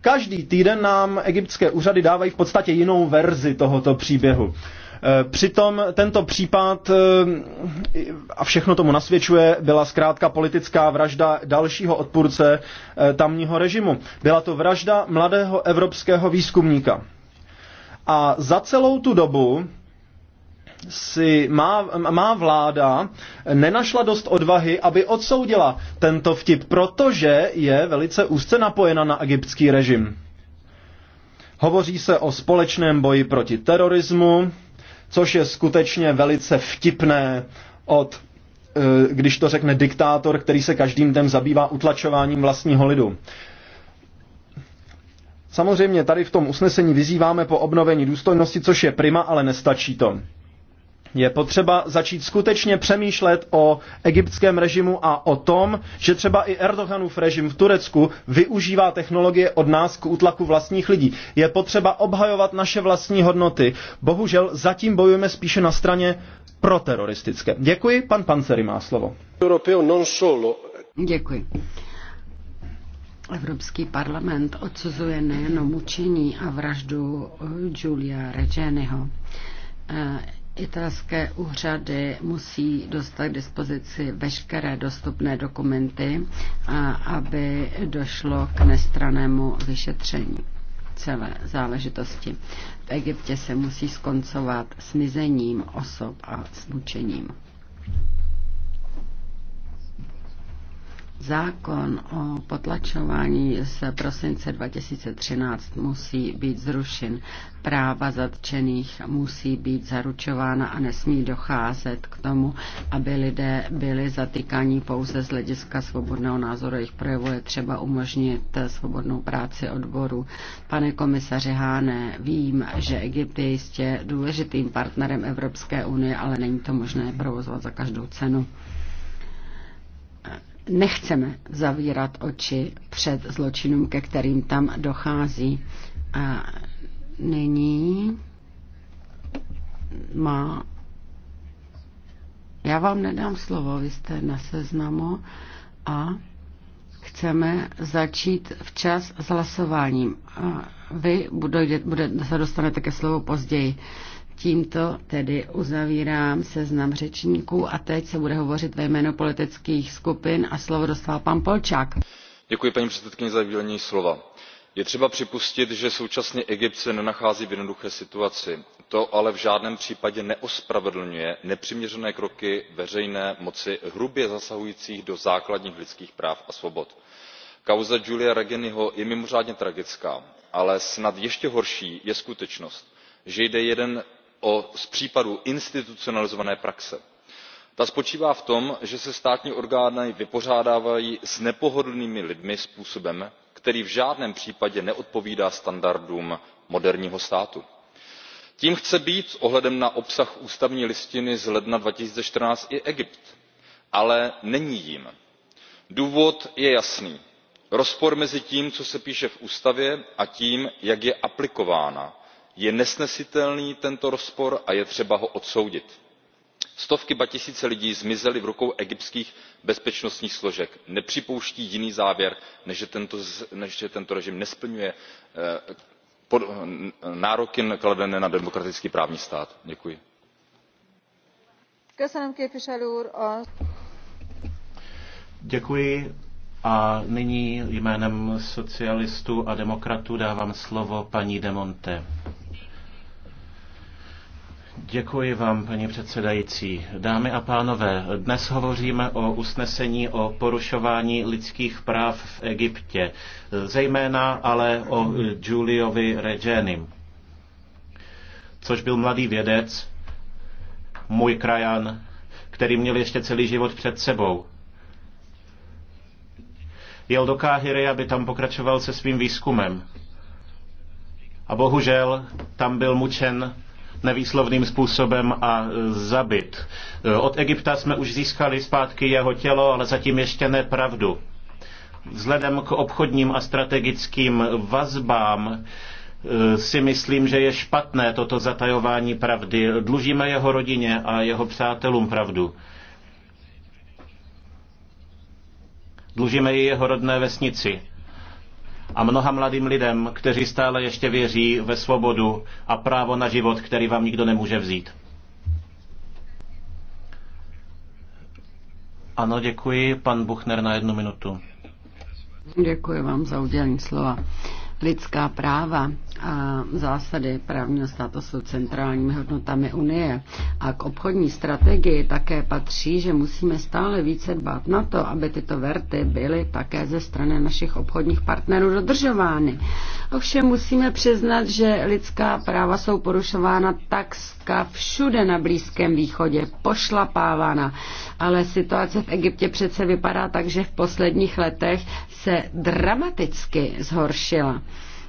každý týden nám egyptské úřady dávají v podstatě jinou verzi tohoto příběhu. E, přitom tento případ, e, a všechno tomu nasvědčuje, byla zkrátka politická vražda dalšího odpůrce e, tamního režimu. Byla to vražda mladého evropského výzkumníka. A za celou tu dobu si má, má vláda nenašla dost odvahy, aby odsoudila tento vtip, protože je velice úzce napojena na egyptský režim. Hovoří se o společném boji proti terorismu, což je skutečně velice vtipné od, eh, když to řekne diktátor, který se každým dnem zabývá utlačováním vlastního lidu. Samozřejmě tady v tom usnesení vyzýváme po obnovení důstojnosti, což je prima, ale nestačí to je potřeba začít skutečně přemýšlet o egyptském režimu a o tom, že třeba i Erdoganův režim v Turecku využívá technologie od nás k útlaku vlastních lidí. Je potřeba obhajovat naše vlastní hodnoty. Bohužel zatím bojujeme spíše na straně proteroristické. Děkuji, pan Panceri má slovo. Děkuji. Evropský parlament odsuzuje nejenom mučení a vraždu Julia Regeniho eh, Italské úřady musí dostat k dispozici veškeré dostupné dokumenty, a aby došlo k nestranému vyšetření celé záležitosti. V Egyptě se musí skoncovat s mizením osob a s mučením. Zákon o potlačování z prosince 2013 musí být zrušen. Práva zatčených musí být zaručována a nesmí docházet k tomu, aby lidé byli zatýkáni pouze z hlediska svobodného názoru. Jejich projevu je třeba umožnit svobodnou práci odboru. Pane komisaři Háne, vím, že Egypt je jistě důležitým partnerem Evropské unie, ale není to možné provozovat za každou cenu nechceme zavírat oči před zločinům, ke kterým tam dochází. A nyní má. Já vám nedám slovo, vy jste na seznamu a chceme začít včas s hlasováním. A vy budete, budete, se dostanete ke slovu později. Tímto tedy uzavírám seznam řečníků a teď se bude hovořit ve jménu politických skupin a slovo dostal pan Polčák. Děkuji paní předsedkyni za udělení slova. Je třeba připustit, že současný Egypt se nenachází v jednoduché situaci. To ale v žádném případě neospravedlňuje nepřiměřené kroky veřejné moci hrubě zasahujících do základních lidských práv a svobod. Kauza Julia Regeniho je mimořádně tragická, ale snad ještě horší je skutečnost, že jde jeden z případů institucionalizované praxe. ta spočívá v tom že se státní orgány vypořádávají s nepohodlnými lidmi způsobem který v žádném případě neodpovídá standardům moderního státu. tím chce být s ohledem na obsah ústavní listiny z ledna two thousand and fourteen i egypt ale není jím. důvod je jasný rozpor mezi tím co se píše v ústavě a tím jak je aplikována je nesnesitelný tento rozpor a je třeba ho odsoudit. stovky ba tisíce lidí zmizely v rukou egyptských bezpečnostních složek. nepřipouští jiný závěr než že tento režim nesplňuje eh, nároky kladené na demokratický právní stát. děkuji. děkuji a nyní jménem socialistů a demokratů dávám slovo paní de Děkuji vám, paní předsedající. Dámy a pánové, dnes hovoříme o usnesení o porušování lidských práv v Egyptě, zejména ale o Giuliovi Regenim, což byl mladý vědec, můj krajan, který měl ještě celý život před sebou. Jel do Káhyry, aby tam pokračoval se svým výzkumem. A bohužel tam byl mučen nevýslovným způsobem a e, zabit. E, od Egypta jsme už získali zpátky jeho tělo, ale zatím ještě ne pravdu. Vzhledem k obchodním a strategickým vazbám e, si myslím, že je špatné toto zatajování pravdy. Dlužíme jeho rodině a jeho přátelům pravdu. Dlužíme i jeho rodné vesnici a mnoha mladým lidem, kteří stále ještě věří ve svobodu a právo na život, který vám nikdo nemůže vzít. Ano, děkuji. Pan Buchner na jednu minutu. Děkuji vám za udělení slova. Lidská práva a zásady právního státu jsou centrálními hodnotami Unie. A k obchodní strategii také patří, že musíme stále více dbát na to, aby tyto verty byly také ze strany našich obchodních partnerů dodržovány. Ovšem musíme přiznat, že lidská práva jsou porušována takřka všude na Blízkém východě, pošlapávána. Ale situace v Egyptě přece vypadá tak, že v posledních letech se dramaticky zhoršila.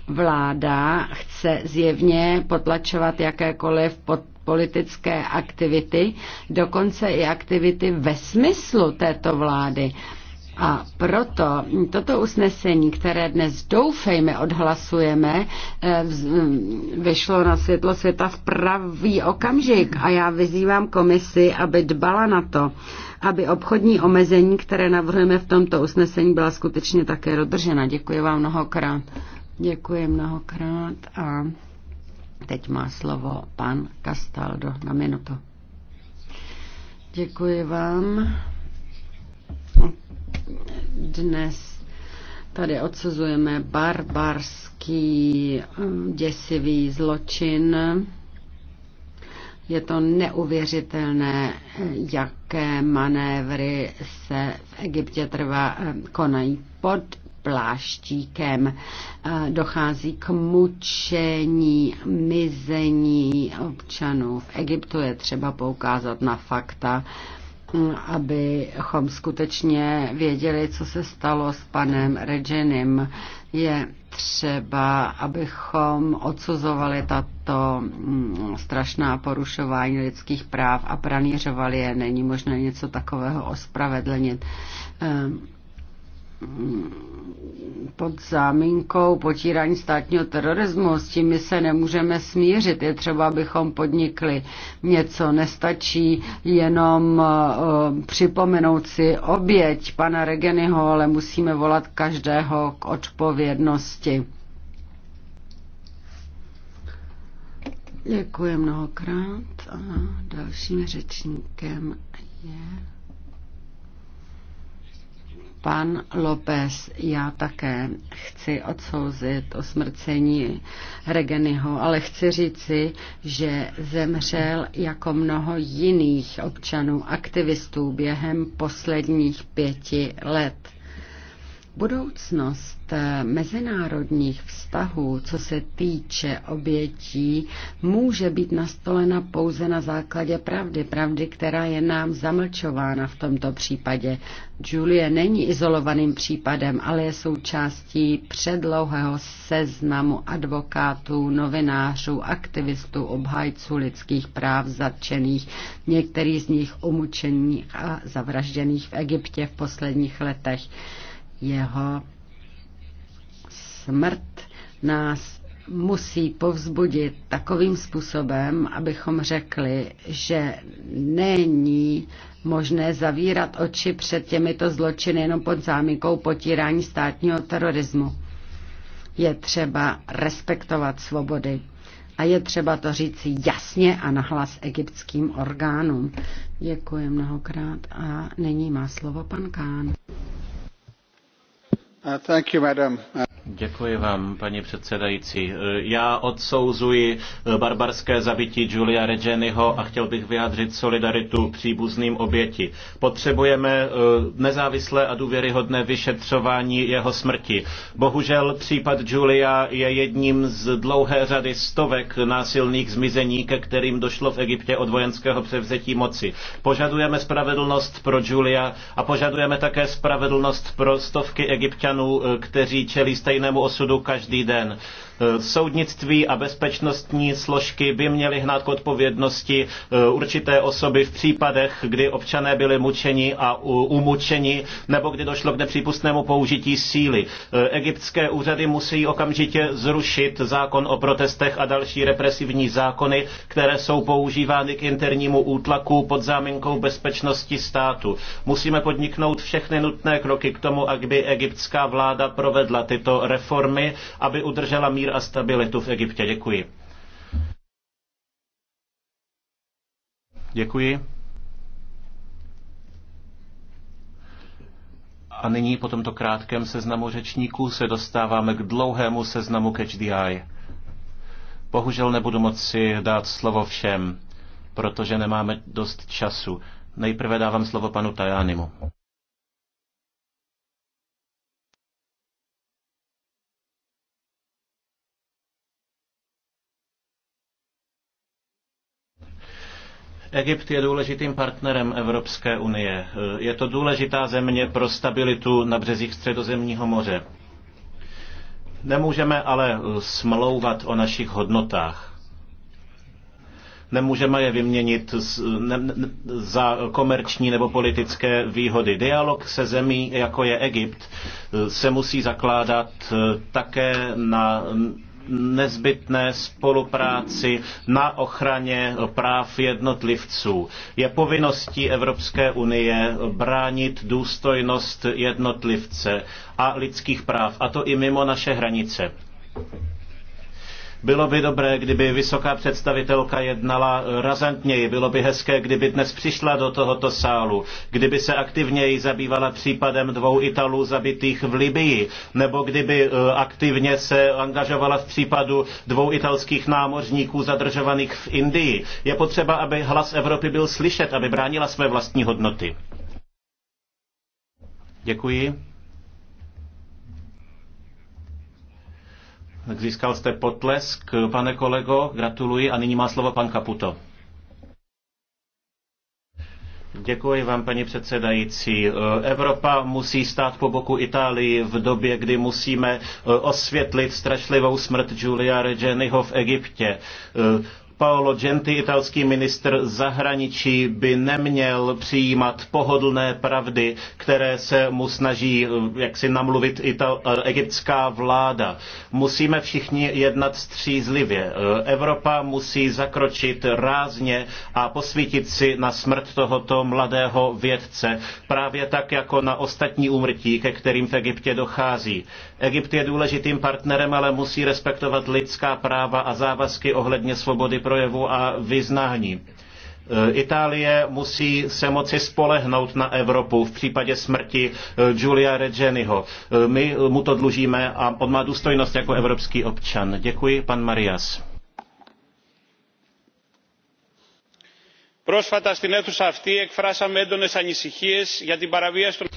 Vláda chce zjevně potlačovat jakékoliv pod politické aktivity, dokonce i aktivity ve smyslu této vlády. A proto toto usnesení, které dnes doufejme odhlasujeme, eh, mm, vyšlo na světlo světa v pravý okamžik a já vyzývám komisi, aby dbala na to, aby obchodní omezení, které navrhujeme v tomto usnesení, byla skutečně také dodržena. Děkuji vám mnohokrát. Děkuji mnohokrát a teď má slovo pan Castaldo na minutu. Děkuji vám. Dnes tady odsuzujeme barbarský eh, děsivý zločin. Je to neuvěřitelné, jaké manévry se v Egyptě trvá eh, konají pod pláštíkem. Eh, dochází k mučení, mizení občanů. V Egyptu je třeba poukázat na fakta, abychom skutečně věděli, co se stalo s panem Reginem. Je třeba, abychom odsuzovali tato mm, strašná porušování lidských práv a pranířovali je. Není možné něco takového ospravedlnit. Ehm, Mm, pod záminkou potírání státního terorismu. S tím my se nemůžeme smířit. Je třeba, abychom podnikli něco. Nestačí jenom uh, připomenout si oběť pana Regenyho, ale musíme volat každého k odpovědnosti. Děkuji mnohokrát a dalším řečníkem je Pan López, já také chci odsouzit osmrcení Regenyho, ale chci říci, že zemřel jako mnoho jiných občanů, aktivistů během posledních pěti let. Budoucnost eh, mezinárodních vztahů, co se týče obětí, může být nastolena pouze na základě pravdy, pravdy, která je nám zamlčována v tomto případě. Julie není izolovaným případem, ale je součástí předlouhého seznamu advokátů, novinářů, aktivistů, obhajců lidských práv zatčených, některých z nich umučených a zavražděných v Egyptě v posledních letech. Jeho smrt nás musí povzbudit takovým způsobem, abychom řekli, že není možné zavírat oči před těmito zločiny jenom pod zámikou potírání státního terorismu. Je třeba respektovat svobody a je třeba to říct jasně a nahlas egyptským orgánům. Děkuji mnohokrát a nyní má slovo pan Kán. Uh, Děkuji vám, paní předsedající. Uh, já odsouzuji uh, barbarské zabití Julia Regeniho a chtěl bych vyjádřit solidaritu příbuzným oběti. Potřebujeme nezávislé a důvěryhodné vyšetřování jeho smrti. Bohužel případ Julia je jedním z dlouhé řady stovek násilných zmizení, ke kterým došlo v Egyptě od vojenského převzetí moci. Požadujeme spravedlnost pro Julia a požadujeme také spravedlnost pro stovky egyptů občanů, eh, kteří čelí stejnému osudu každý den. Eh, soudnictví a bezpečnostní složky by měly hnát k odpovědnosti eh, určité osoby v případech, kdy občané byli mučeni a umučeni nebo kdy došlo k nepřípustnému použití síly. Eh, egyptské úřady musí okamžitě zrušit zákon o protestech a další represivní zákony, které jsou používány k internímu útlaku pod záminkou bezpečnosti státu. Musíme podniknout všechny nutné kroky k tomu, aby egyptská vláda provedla tyto reformy, aby udržela mír a stabilitu v Egyptě. Děkuji. Děkuji. A nyní po tomto krátkém seznamu řečníků se dostáváme k dlouhému seznamu Catch the Eye. Bohužel nebudu moci dát slovo všem, protože nemáme dost času. Nejprve dávám slovo panu Tajánimu. Egypt je důležitým partnerem Evropské unie. Je to důležitá země pro stabilitu na březích Středozemního moře. Nemůžeme ale smlouvat o našich hodnotách nemůžeme je vyměnit za komerční nebo politické výhody. Dialog se zemí, jako je Egypt, se musí zakládat také na nezbytné spolupráci na ochraně práv jednotlivců. Je povinností Evropské unie bránit důstojnost jednotlivce a lidských práv, a to i mimo naše hranice. Bylo by dobré, kdyby vysoká představitelka jednala razantněji. Bylo by hezké, kdyby dnes přišla do tohoto sálu, kdyby se aktivněji zabývala případem dvou Italů zabitých v Libyi, nebo kdyby e, aktivně se angažovala v případu dvou italských námořníků zadržovaných v Indii. Je potřeba, aby hlas Evropy byl slyšet, aby bránila své vlastní hodnoty. Děkuji. Tak získal jste potlesk, pane kolego, gratuluji a nyní má slovo pan Kaputo. Děkuji vám, paní předsedající. Evropa musí stát po boku Itálii v době, kdy musíme eh, osvětlit strašlivou smrt Giulia Reggianiho v Egyptě. Eh, Paolo Genti, italský ministr zahraničí, by neměl přijímat pohodlné pravdy, které se mu snaží eh, jak si namluvit ital, eh, egyptská vláda. Musíme všichni jednat střízlivě. Eh, Evropa musí zakročit rázně a posvítit si na smrt tohoto mladého vědce, právě tak jako na ostatní úmrtí, ke kterým v Egyptě dochází. Egypt je důležitým partnerem, ale musí respektovat lidská práva a závazky ohledně svobody projevu a vyznání. E, Itálie musí se moci spolehnout na Evropu v případě smrti e, Giulia Regeniho. E, My mu to dlužíme a on má důstojnost jako evropský občan. Děkuji, pan Marias. Πρόσφατα στην αίθουσα αυτή εκφράσαμε έντονες ανησυχίες για την παραβίαση των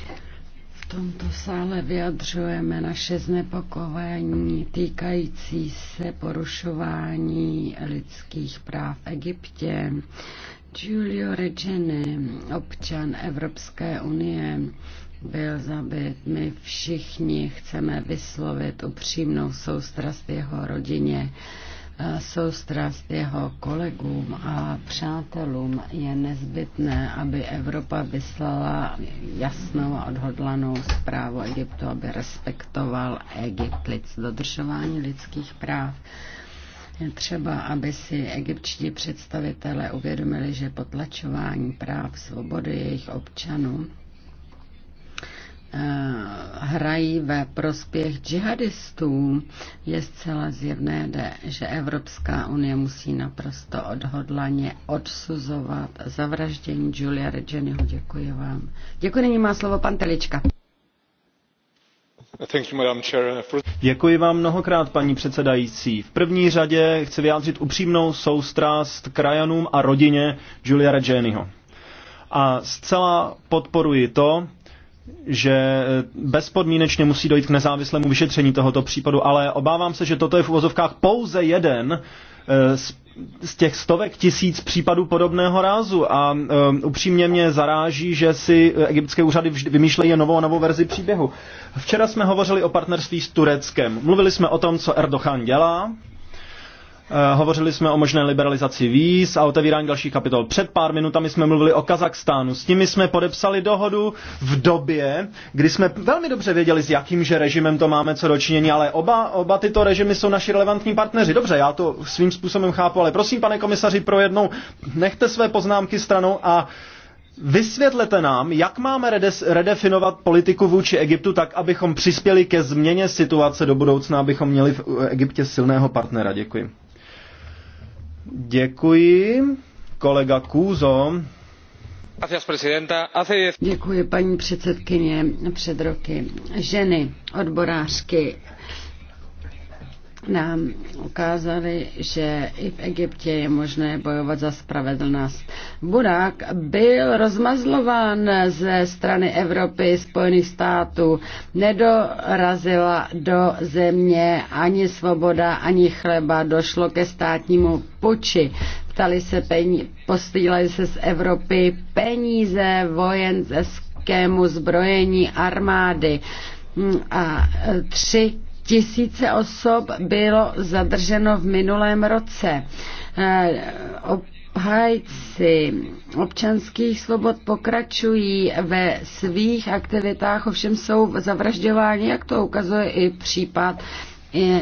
tomto sále vyjadřujeme naše znepokojení týkající se porušování lidských práv v Egyptě. Giulio Regeni, občan Evropské unie, byl zabit. My všichni chceme vyslovit upřímnou soustrast jeho rodině soustrast jeho kolegům a přátelům je nezbytné, aby Evropa vyslala jasnou a odhodlanou zprávu Egyptu, aby respektoval Egypt lid, dodržování lidských práv. Je třeba, aby si egyptští představitelé uvědomili, že potlačování práv svobody jejich občanů Eh, hrají ve prospěch džihadistů, je zcela zjevné, že Evropská unie musí naprosto odhodlaně odsuzovat zavraždění Julia Regeniho. Děkuji vám. Děkuji, nyní má slovo pan Telička. Děkuji vám mnohokrát, paní předsedající. V první řadě chci vyjádřit upřímnou soustrast krajanům a rodině Julia Regeniho. A zcela podporuji to, že eh, bezpodmínečně musí dojít k nezávislému vyšetření tohoto případu, ale obávám se, že toto je v uvozovkách pouze jeden eh, z z těch stovek tisíc případů podobného rázu a um, upřímně mě zaráží, že si egyptské úřady vždy vymýšlejí novou a novou verzi příběhu. Včera jsme hovořili o partnerství s Tureckem. Mluvili jsme o tom, co Erdogan dělá, Eh, hovořili jsme o možné liberalizaci víz a otevírání dalších kapitol. Před pár minutami jsme mluvili o Kazachstánu. S nimi jsme podepsali dohodu v době, kdy jsme velmi dobře věděli, s jakým že režimem to máme co dočinění, ale oba, oba tyto režimy jsou naši relevantní partneři. Dobře, já to svým způsobem chápu, ale prosím, pane komisaři, pro jednou nechte své poznámky stranou a Vysvětlete nám, jak máme redefinovat politiku vůči Egyptu tak, abychom přispěli ke změně situace do budoucna, abychom měli v Egyptě silného partnera. Děkuji. Děkuji. Kolega Kůzo. Děkuji, paní předsedkyně. Před roky ženy, odborářky, nám ukázali, že i v Egyptě je možné bojovat za spravedlnost. Burák byl rozmazlován ze strany Evropy, Spojených států. Nedorazila do země ani svoboda, ani chleba. Došlo ke státnímu puči ptali se peníze, posílali se z Evropy peníze vojenskému zbrojení armády a tři Tisíce osob bylo zadrženo v minulém roce. E, obhájci občanských svobod pokračují ve svých aktivitách, ovšem jsou zavražďováni, jak to ukazuje i případ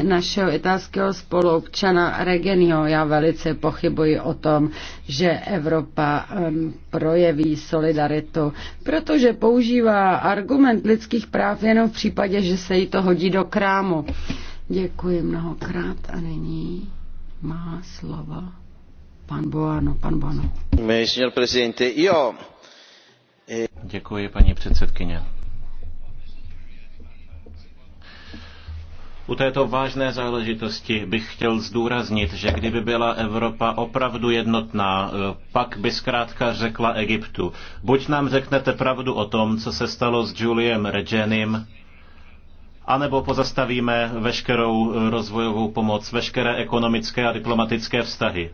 našeho italského spoluobčana Regenio. Já velice pochybuji o tom, že Evropa um, projeví solidaritu, protože používá argument lidských práv jenom v případě, že se jí to hodí do krámu. Děkuji mnohokrát a nyní má slovo pan Boano. Pan Boano. Eh, Děkuji, paní předsedkyně. U této vážné záležitosti bych chtěl zdůraznit, že kdyby byla Evropa opravdu jednotná, eh, pak by zkrátka řekla Egyptu. Buď nám řeknete pravdu o tom, co se stalo s Juliem Regenim, anebo pozastavíme veškerou eh, rozvojovou pomoc, veškeré ekonomické a diplomatické vztahy.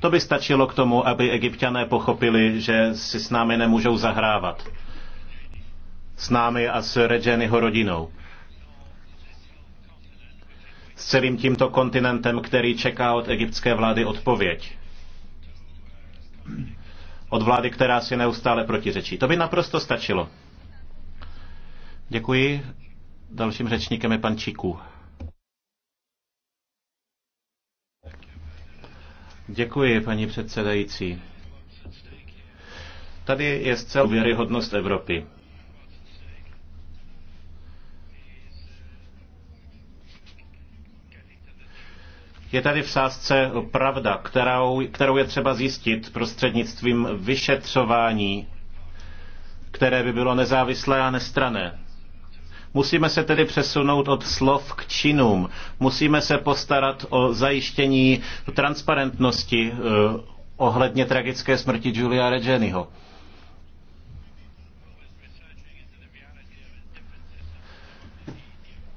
To by stačilo k tomu, aby egyptiané pochopili, že si s námi nemůžou zahrávat. S námi a s Regenyho rodinou s celým tímto kontinentem, který čeká od egyptské vlády odpověď. Od vlády, která si neustále protiřečí. To by naprosto stačilo. Děkuji. Dalším řečníkem je pan Číku. Děkuji, paní předsedající. Tady je zcela věryhodnost Evropy. Je tady v sázce pravda, kterou, kterou je třeba zjistit prostřednictvím vyšetřování, které by bylo nezávislé a nestrané. Musíme se tedy přesunout od slov k činům. Musíme se postarat o zajištění transparentnosti eh, ohledně tragické smrti Julia Regeniho.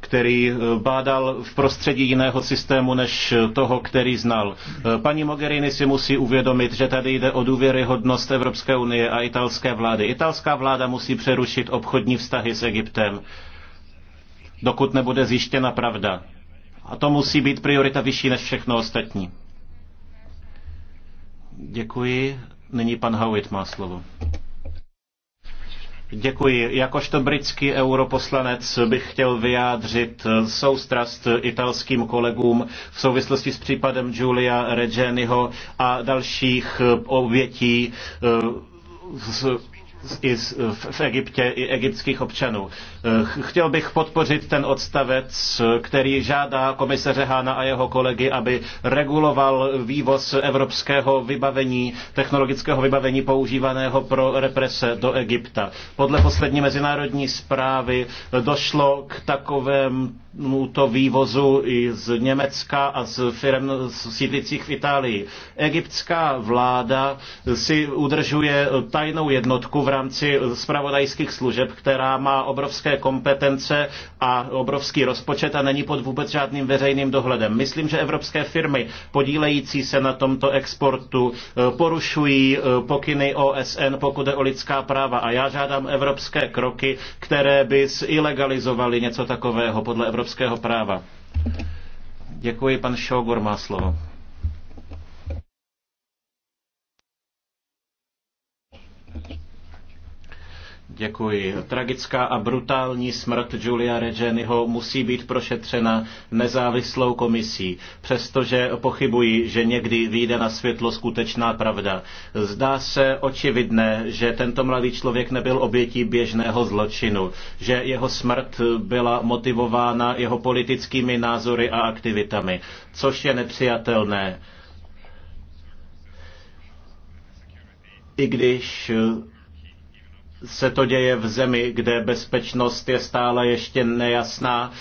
který eh, bádal v prostředí jiného systému než toho, který znal. Eh, paní Mogherini si musí uvědomit, že tady jde o důvěryhodnost Evropské unie a italské vlády. Italská vláda musí přerušit obchodní vztahy s Egyptem, dokud nebude zjištěna pravda. A to musí být priorita vyšší než všechno ostatní. Děkuji. Nyní pan Howitt má slovo. Děkuji. Jakožto britský europoslanec bych chtěl vyjádřit soustrast italským kolegům v souvislosti s případem Giulia Regeniho a dalších obětí eh, z i v Egyptě i egyptských občanů. Eh, chtěl bych podpořit ten odstavec, který žádá komisaře Hána a jeho kolegy, aby reguloval vývoz evropského vybavení, technologického vybavení používaného pro represe do Egypta. Podle poslední mezinárodní zprávy eh, došlo k takovému to vývozu i z Německa a z firm sídlicích v Itálii. Egyptská vláda si udržuje tajnou jednotku rámci spravodajských služeb, která má obrovské kompetence a obrovský rozpočet a není pod vůbec žádným veřejným dohledem. Myslím, že evropské firmy podílející se na tomto exportu eh, porušují eh, pokyny OSN, pokud je o lidská práva. A já žádám evropské kroky, které by ilegalizovaly něco takového podle evropského práva. Děkuji, pan Šogor má slovo. Děkuji. Tragická a brutální smrt Julia Regeniho musí být prošetřena nezávislou komisí, přestože pochybuji, že někdy vyjde na světlo skutečná pravda. Zdá se očividné, že tento mladý člověk nebyl obětí běžného zločinu, že jeho smrt byla motivována jeho politickými názory a aktivitami, což je nepřijatelné. I když se to děje v zemi, kde bezpečnost je stále ještě nejasná.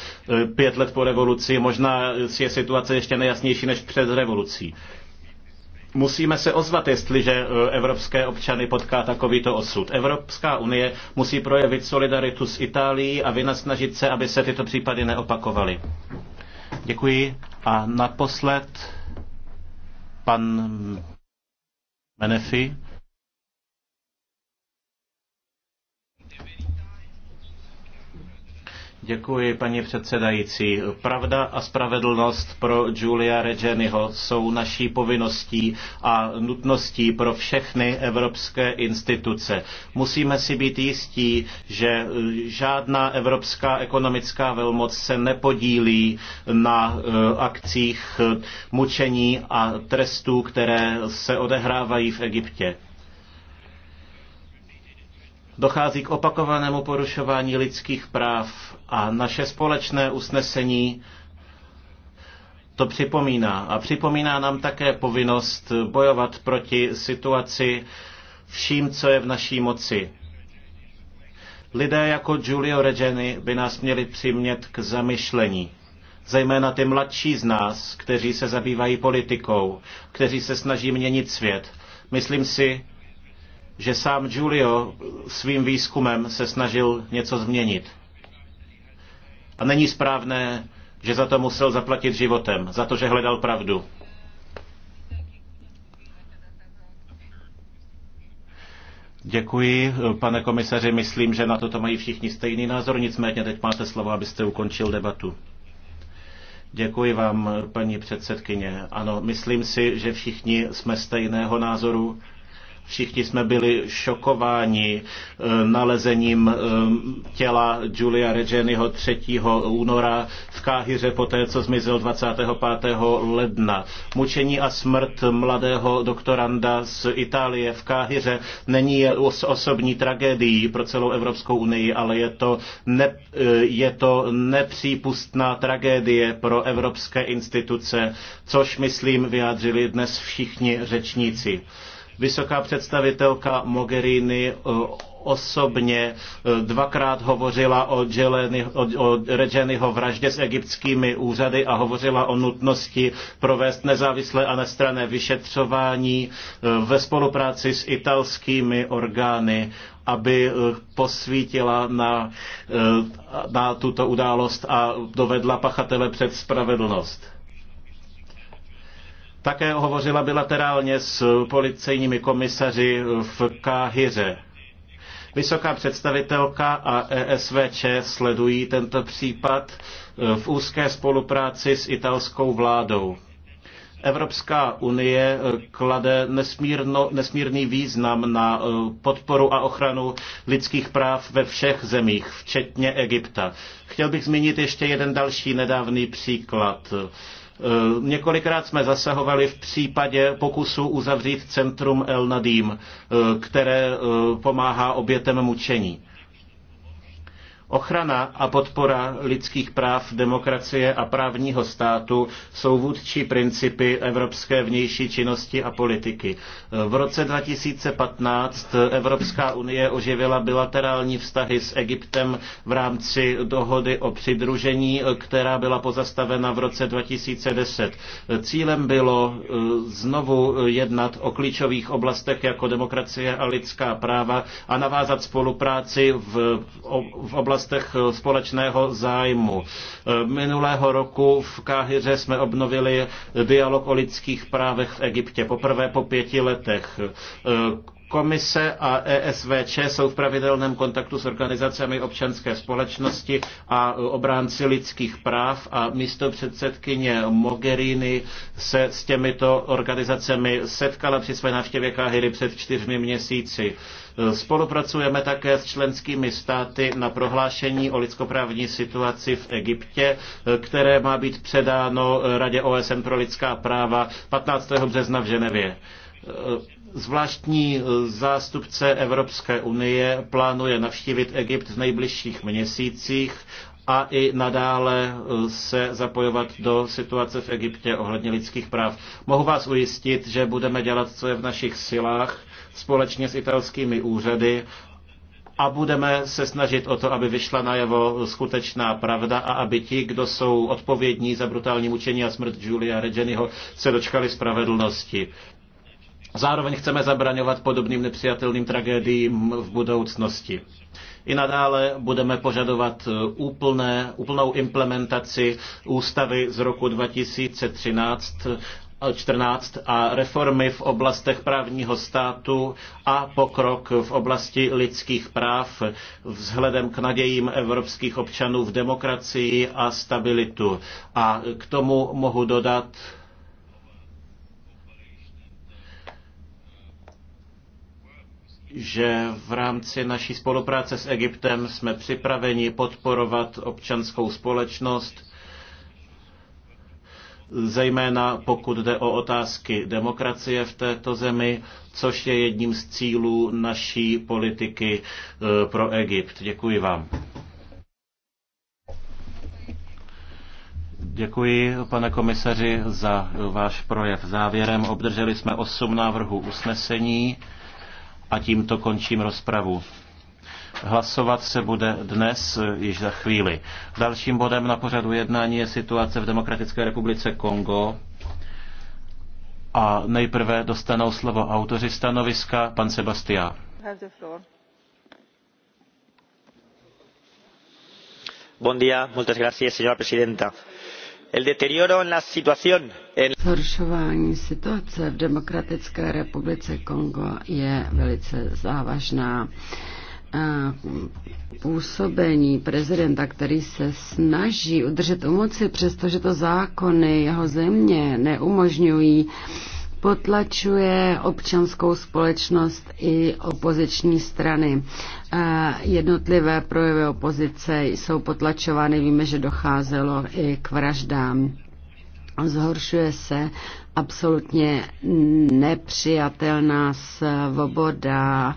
E, pět let po revoluci možná je situace ještě nejasnější než před revolucí. Musíme se ozvat, jestliže e, evropské občany potká takovýto osud. Evropská unie musí projevit solidaritu s Itálií a vynasnažit se, aby se tyto případy neopakovaly. Děkuji. A naposled pan Menefi. Děkuji, paní předsedající. Pravda a spravedlnost pro Julia Regeniho jsou naší povinností a nutností pro všechny evropské instituce. Musíme si být jistí, že žádná evropská ekonomická velmoc se nepodílí na eh, akcích eh, mučení a trestů, které se odehrávají v Egyptě. Dochází k opakovanému porušování lidských práv a naše společné usnesení to připomíná. A připomíná nám také povinnost bojovat proti situaci vším, co je v naší moci. Lidé jako Giulio Regeni by nás měli přimět k zamyšlení. Zejména ty mladší z nás, kteří se zabývají politikou, kteří se snaží měnit svět. Myslím si, že sám Giulio svým výzkumem se snažil něco změnit. A není správné, že za to musel zaplatit životem, za to, že hledal pravdu. Děkuji, pane komisaři. Myslím, že na toto mají všichni stejný názor, nicméně teď máte slovo, abyste ukončil debatu. Děkuji vám, paní předsedkyně. Ano, myslím si, že všichni jsme stejného názoru Všichni jsme byli šokováni eh, nalezením eh, těla Julia Regeniho 3. února v Káhyře poté, co zmizel 25. ledna. Mučení a smrt mladého doktoranda z Itálie v Káhyře není osobní tragédií pro celou Evropskou unii, ale je to, ne, eh, je to nepřípustná tragédie pro evropské instituce, což, myslím, vyjádřili dnes všichni řečníci. Vysoká představitelka Mogherini eh, osobně eh, dvakrát hovořila o, Jeleny, o, o vraždě s egyptskými úřady a hovořila o nutnosti provést nezávislé a nestrané vyšetřování eh, ve spolupráci s italskými orgány aby posvítila na, na tuto událost a dovedla pachatele před spravedlnost. Také hovořila bilaterálně s policejními komisaři v Káhyře. Vysoká představitelka a ESVČ sledují tento případ v úzké spolupráci s italskou vládou. Evropská unie klade nesmírno, nesmírný význam na podporu a ochranu lidských práv ve všech zemích, včetně Egypta. Chtěl bych zmínit ještě jeden další nedávný příklad. Eh, několikrát jsme zasahovali v případě pokusu uzavřít centrum El Nadim, eh, které eh, pomáhá obětem mučení. Ochrana a podpora lidských práv, demokracie a právního státu jsou vůdčí principy evropské vnější činnosti a politiky. V roce 2015 Evropská unie oživila bilaterální vztahy s Egyptem v rámci dohody o přidružení, která byla pozastavena v roce 2010. Cílem bylo eh, znovu jednat o klíčových oblastech jako demokracie a lidská práva a navázat spolupráci v, v oblasti oblastech eh, společného zájmu. Eh, minulého roku v Káhyře jsme obnovili dialog o lidských právech v Egyptě, poprvé po pěti letech. Eh, komise a ESVČ jsou v pravidelném kontaktu s organizacemi občanské společnosti a obránci lidských práv a místo předsedkyně Mogherini se s těmito organizacemi setkala při své návštěvě Káhyry před čtyřmi měsíci. Spolupracujeme také s členskými státy na prohlášení o lidskoprávní situaci v Egyptě, které má být předáno Radě OSN pro lidská práva 15. března v Ženevě. Zvláštní zástupce Evropské unie plánuje navštívit Egypt v nejbližších měsících a i nadále se zapojovat do situace v Egyptě ohledně lidských práv. Mohu vás ujistit, že budeme dělat, co je v našich silách, společně s italskými úřady a budeme se snažit o to, aby vyšla najevo skutečná pravda a aby ti, kdo jsou odpovědní za brutální mučení a smrt Julia Regeniho, se dočkali spravedlnosti. Zároveň chceme zabraňovat podobným nepřijatelným tragédiím v budoucnosti. I nadále budeme požadovat e, úplné, úplnou implementaci ústavy z roku 2013 14 a reformy v oblastech právního státu a pokrok v oblasti lidských práv vzhledem k nadějím evropských občanů v demokracii a stabilitu. A k tomu mohu dodat že v rámci naší spolupráce s Egyptem jsme připraveni podporovat občanskou společnost zejména pokud jde o otázky demokracie v této zemi, což je jedním z cílů naší politiky eh, pro Egypt. Děkuji vám. Děkuji, pane komisaři, za váš projev. Závěrem obdrželi jsme osm návrhů usnesení a tímto končím rozpravu. Hlasovat se bude dnes eh, již za chvíli. Dalším bodem na pořadu jednání je situace v Demokratické republice Kongo. A nejprve dostanou slovo autoři stanoviska, pan Sebastián. Bon día, muchas gracias, señora presidenta el deterioro en la situación en Zhoršování situace v Demokratické republice Kongo je velice závažná působení prezidenta, který se snaží udržet u moci, přestože to zákony jeho země neumožňují, potlačuje občanskou společnost i opoziční strany. Jednotlivé projevy opozice jsou potlačovány, víme, že docházelo i k vraždám. Zhoršuje se absolutně nepřijatelná svoboda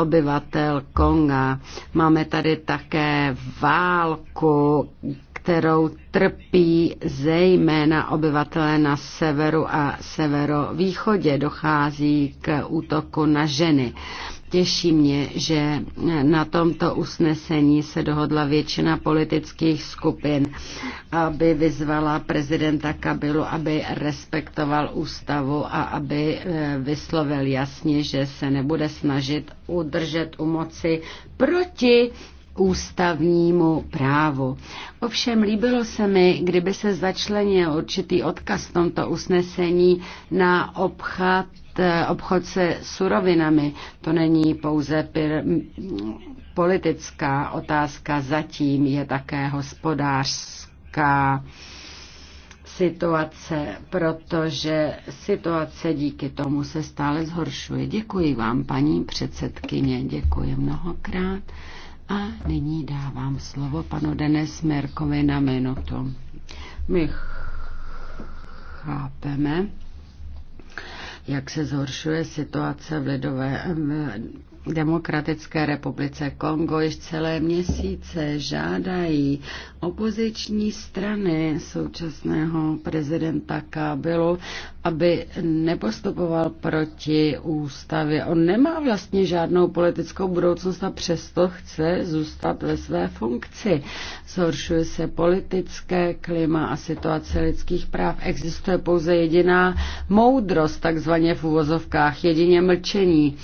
obyvatel Konga. Máme tady také válku, kterou trpí zejména obyvatelé na severu a severovýchodě. Dochází k útoku na ženy. Těší mě, že na tomto usnesení se dohodla většina politických skupin, aby vyzvala prezidenta Kabilu, aby respektoval ústavu a aby eh, vyslovil jasně, že se nebude snažit udržet u moci proti ústavnímu právu. Ovšem líbilo se mi, kdyby se začlenil určitý odkaz v tomto usnesení na obchod, obchod se surovinami. To není pouze pir, politická otázka, zatím je také hospodářská situace, protože situace díky tomu se stále zhoršuje. Děkuji vám, paní předsedkyně, děkuji mnohokrát. A nyní dávám slovo panu Denes Merkovi na minutu. My chápeme, jak se zhoršuje situace v lidové, Demokratické republice Kongo již celé měsíce žádají opoziční strany současného prezidenta Kabilu, aby nepostupoval proti ústavě. On nemá vlastně žádnou politickou budoucnost a přesto chce zůstat ve své funkci. Zhoršuje se politické klima a situace lidských práv. Existuje pouze jediná moudrost, takzvaně v úvozovkách, jedině mlčení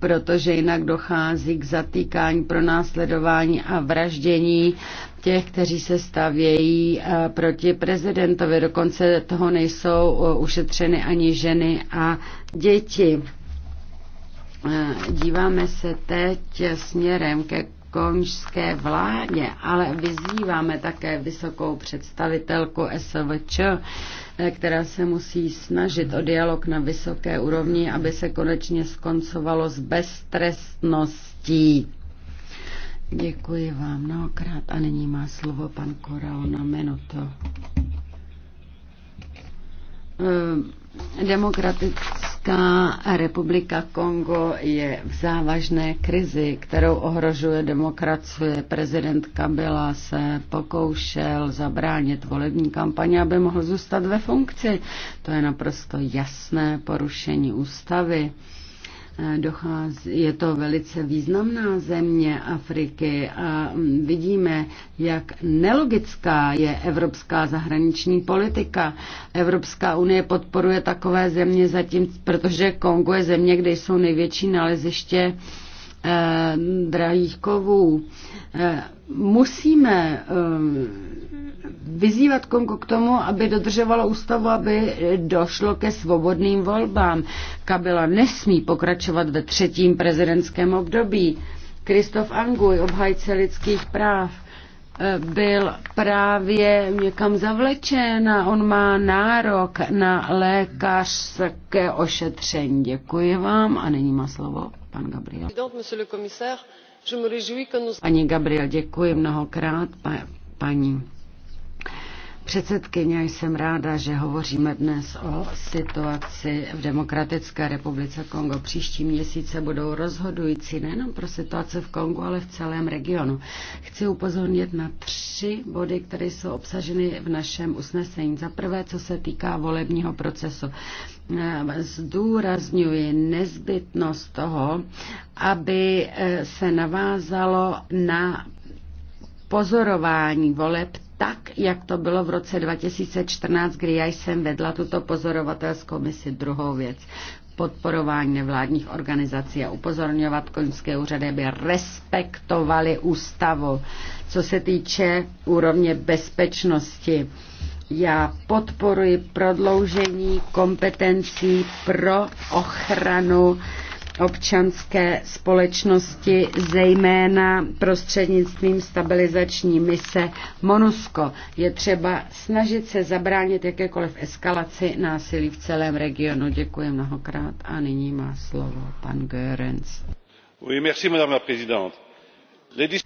protože jinak dochází k zatýkání, pronásledování a vraždění těch, kteří se stavějí eh, proti prezidentovi. Dokonce toho nejsou eh, ušetřeny ani ženy a děti. Eh, díváme se teď směrem ke konžské vládě, ale vyzýváme také vysokou představitelku SVČ, Eh, která se musí snažit o dialog na vysoké úrovni, aby se konečně skoncovalo s beztrestností. Děkuji vám mnohokrát a nyní má slovo pan Korao na minuto. Eh, Demokratická republika Kongo je v závažné krizi, kterou ohrožuje demokracie. Prezident Kabila se pokoušel zabránit volební kampaně, aby mohl zůstat ve funkci. To je naprosto jasné porušení ústavy dochází, je to velice významná země Afriky a mm, vidíme, jak nelogická je evropská zahraniční politika. Evropská unie podporuje takové země zatím, protože Kongo je země, kde jsou největší naleziště Eh, eh, musíme eh, vyzývat Kongo k tomu, aby dodržovalo ústavu, aby došlo ke svobodným volbám. Kabila nesmí pokračovat ve třetím prezidentském období. Kristof Anguj, obhajce lidských práv byl právě někam zavlečen a on má nárok na lékařské ošetření. Děkuji vám a nyní má slovo pan Gabriel. Paní Gabriel, děkuji mnohokrát, pa, paní předsedkyně, jsem ráda, že hovoříme dnes o situaci v Demokratické republice Kongo. Příští měsíce budou rozhodující nejenom pro situaci v Kongu, ale v celém regionu. Chci upozornit na tři body, které jsou obsaženy v našem usnesení. Za prvé, co se týká volebního procesu. Zdůrazňuji nezbytnost toho, aby se navázalo na pozorování voleb tak, jak to bylo v roce 2014, kdy já jsem vedla tuto pozorovatelskou misi druhou věc podporování nevládních organizací a upozorňovat koňské úřady, aby respektovali ústavu. Co se týče úrovně bezpečnosti, já podporuji prodloužení kompetencí pro ochranu občanské společnosti, zejména prostřednictvím stabilizační mise MONUSCO. Je třeba snažit se zabránit jakékoliv eskalaci násilí v celém regionu. Děkuji mnohokrát a nyní má slovo pan Görens.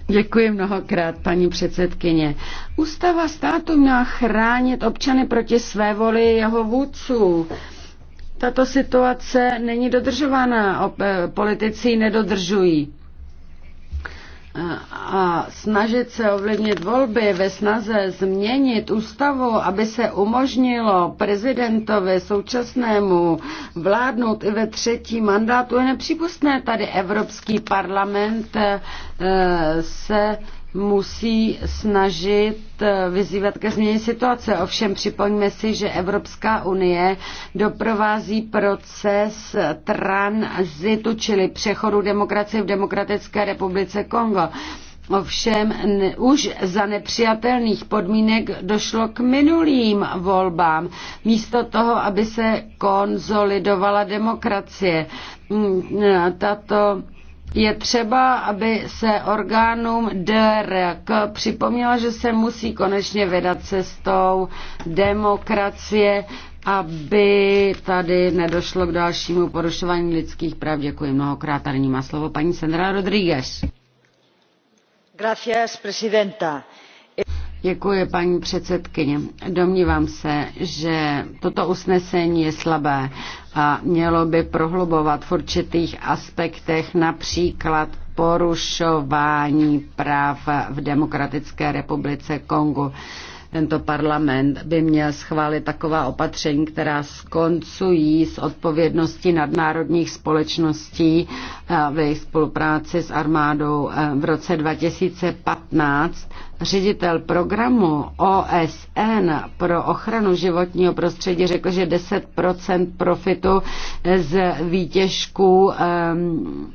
Děkuji mnohokrát, paní předsedkyně. Ústava státu měla chránit občany proti své voli jeho vůdců tato situace není dodržována, eh, politici ji nedodržují. A snažit se ovlivnit volby ve snaze změnit ústavu, aby se umožnilo prezidentovi současnému vládnout i ve třetí mandátu, je nepřípustné. Tady Evropský parlament eh, se musí snažit eh, vyzývat ke změně situace. Ovšem připoňme si, že Evropská unie doprovází proces tranzitu, čili přechodu demokracie v Demokratické republice Kongo. Ovšem ne, už za nepřijatelných podmínek došlo k minulým volbám, místo toho, aby se konzolidovala demokracie. Hmm, eh, tato je třeba, aby se orgánům DRK připomnělo, že se musí konečně vydat cestou demokracie, aby tady nedošlo k dalšímu porušování lidských práv. Děkuji mnohokrát. A má slovo paní Sandra Rodríguez. Gracias, presidenta. Děkuji, paní předsedkyně. Domnívám se, že toto usnesení je slabé a mělo by prohlubovat v určitých aspektech například porušování práv v Demokratické republice Kongu. Tento parlament by měl schválit taková opatření, která skoncují s odpovědností nadnárodních společností eh, v jejich spolupráci s armádou eh, v roce 2015 ředitel programu OSN pro ochranu životního prostředí řekl, že 10% profitu z výtěžků um,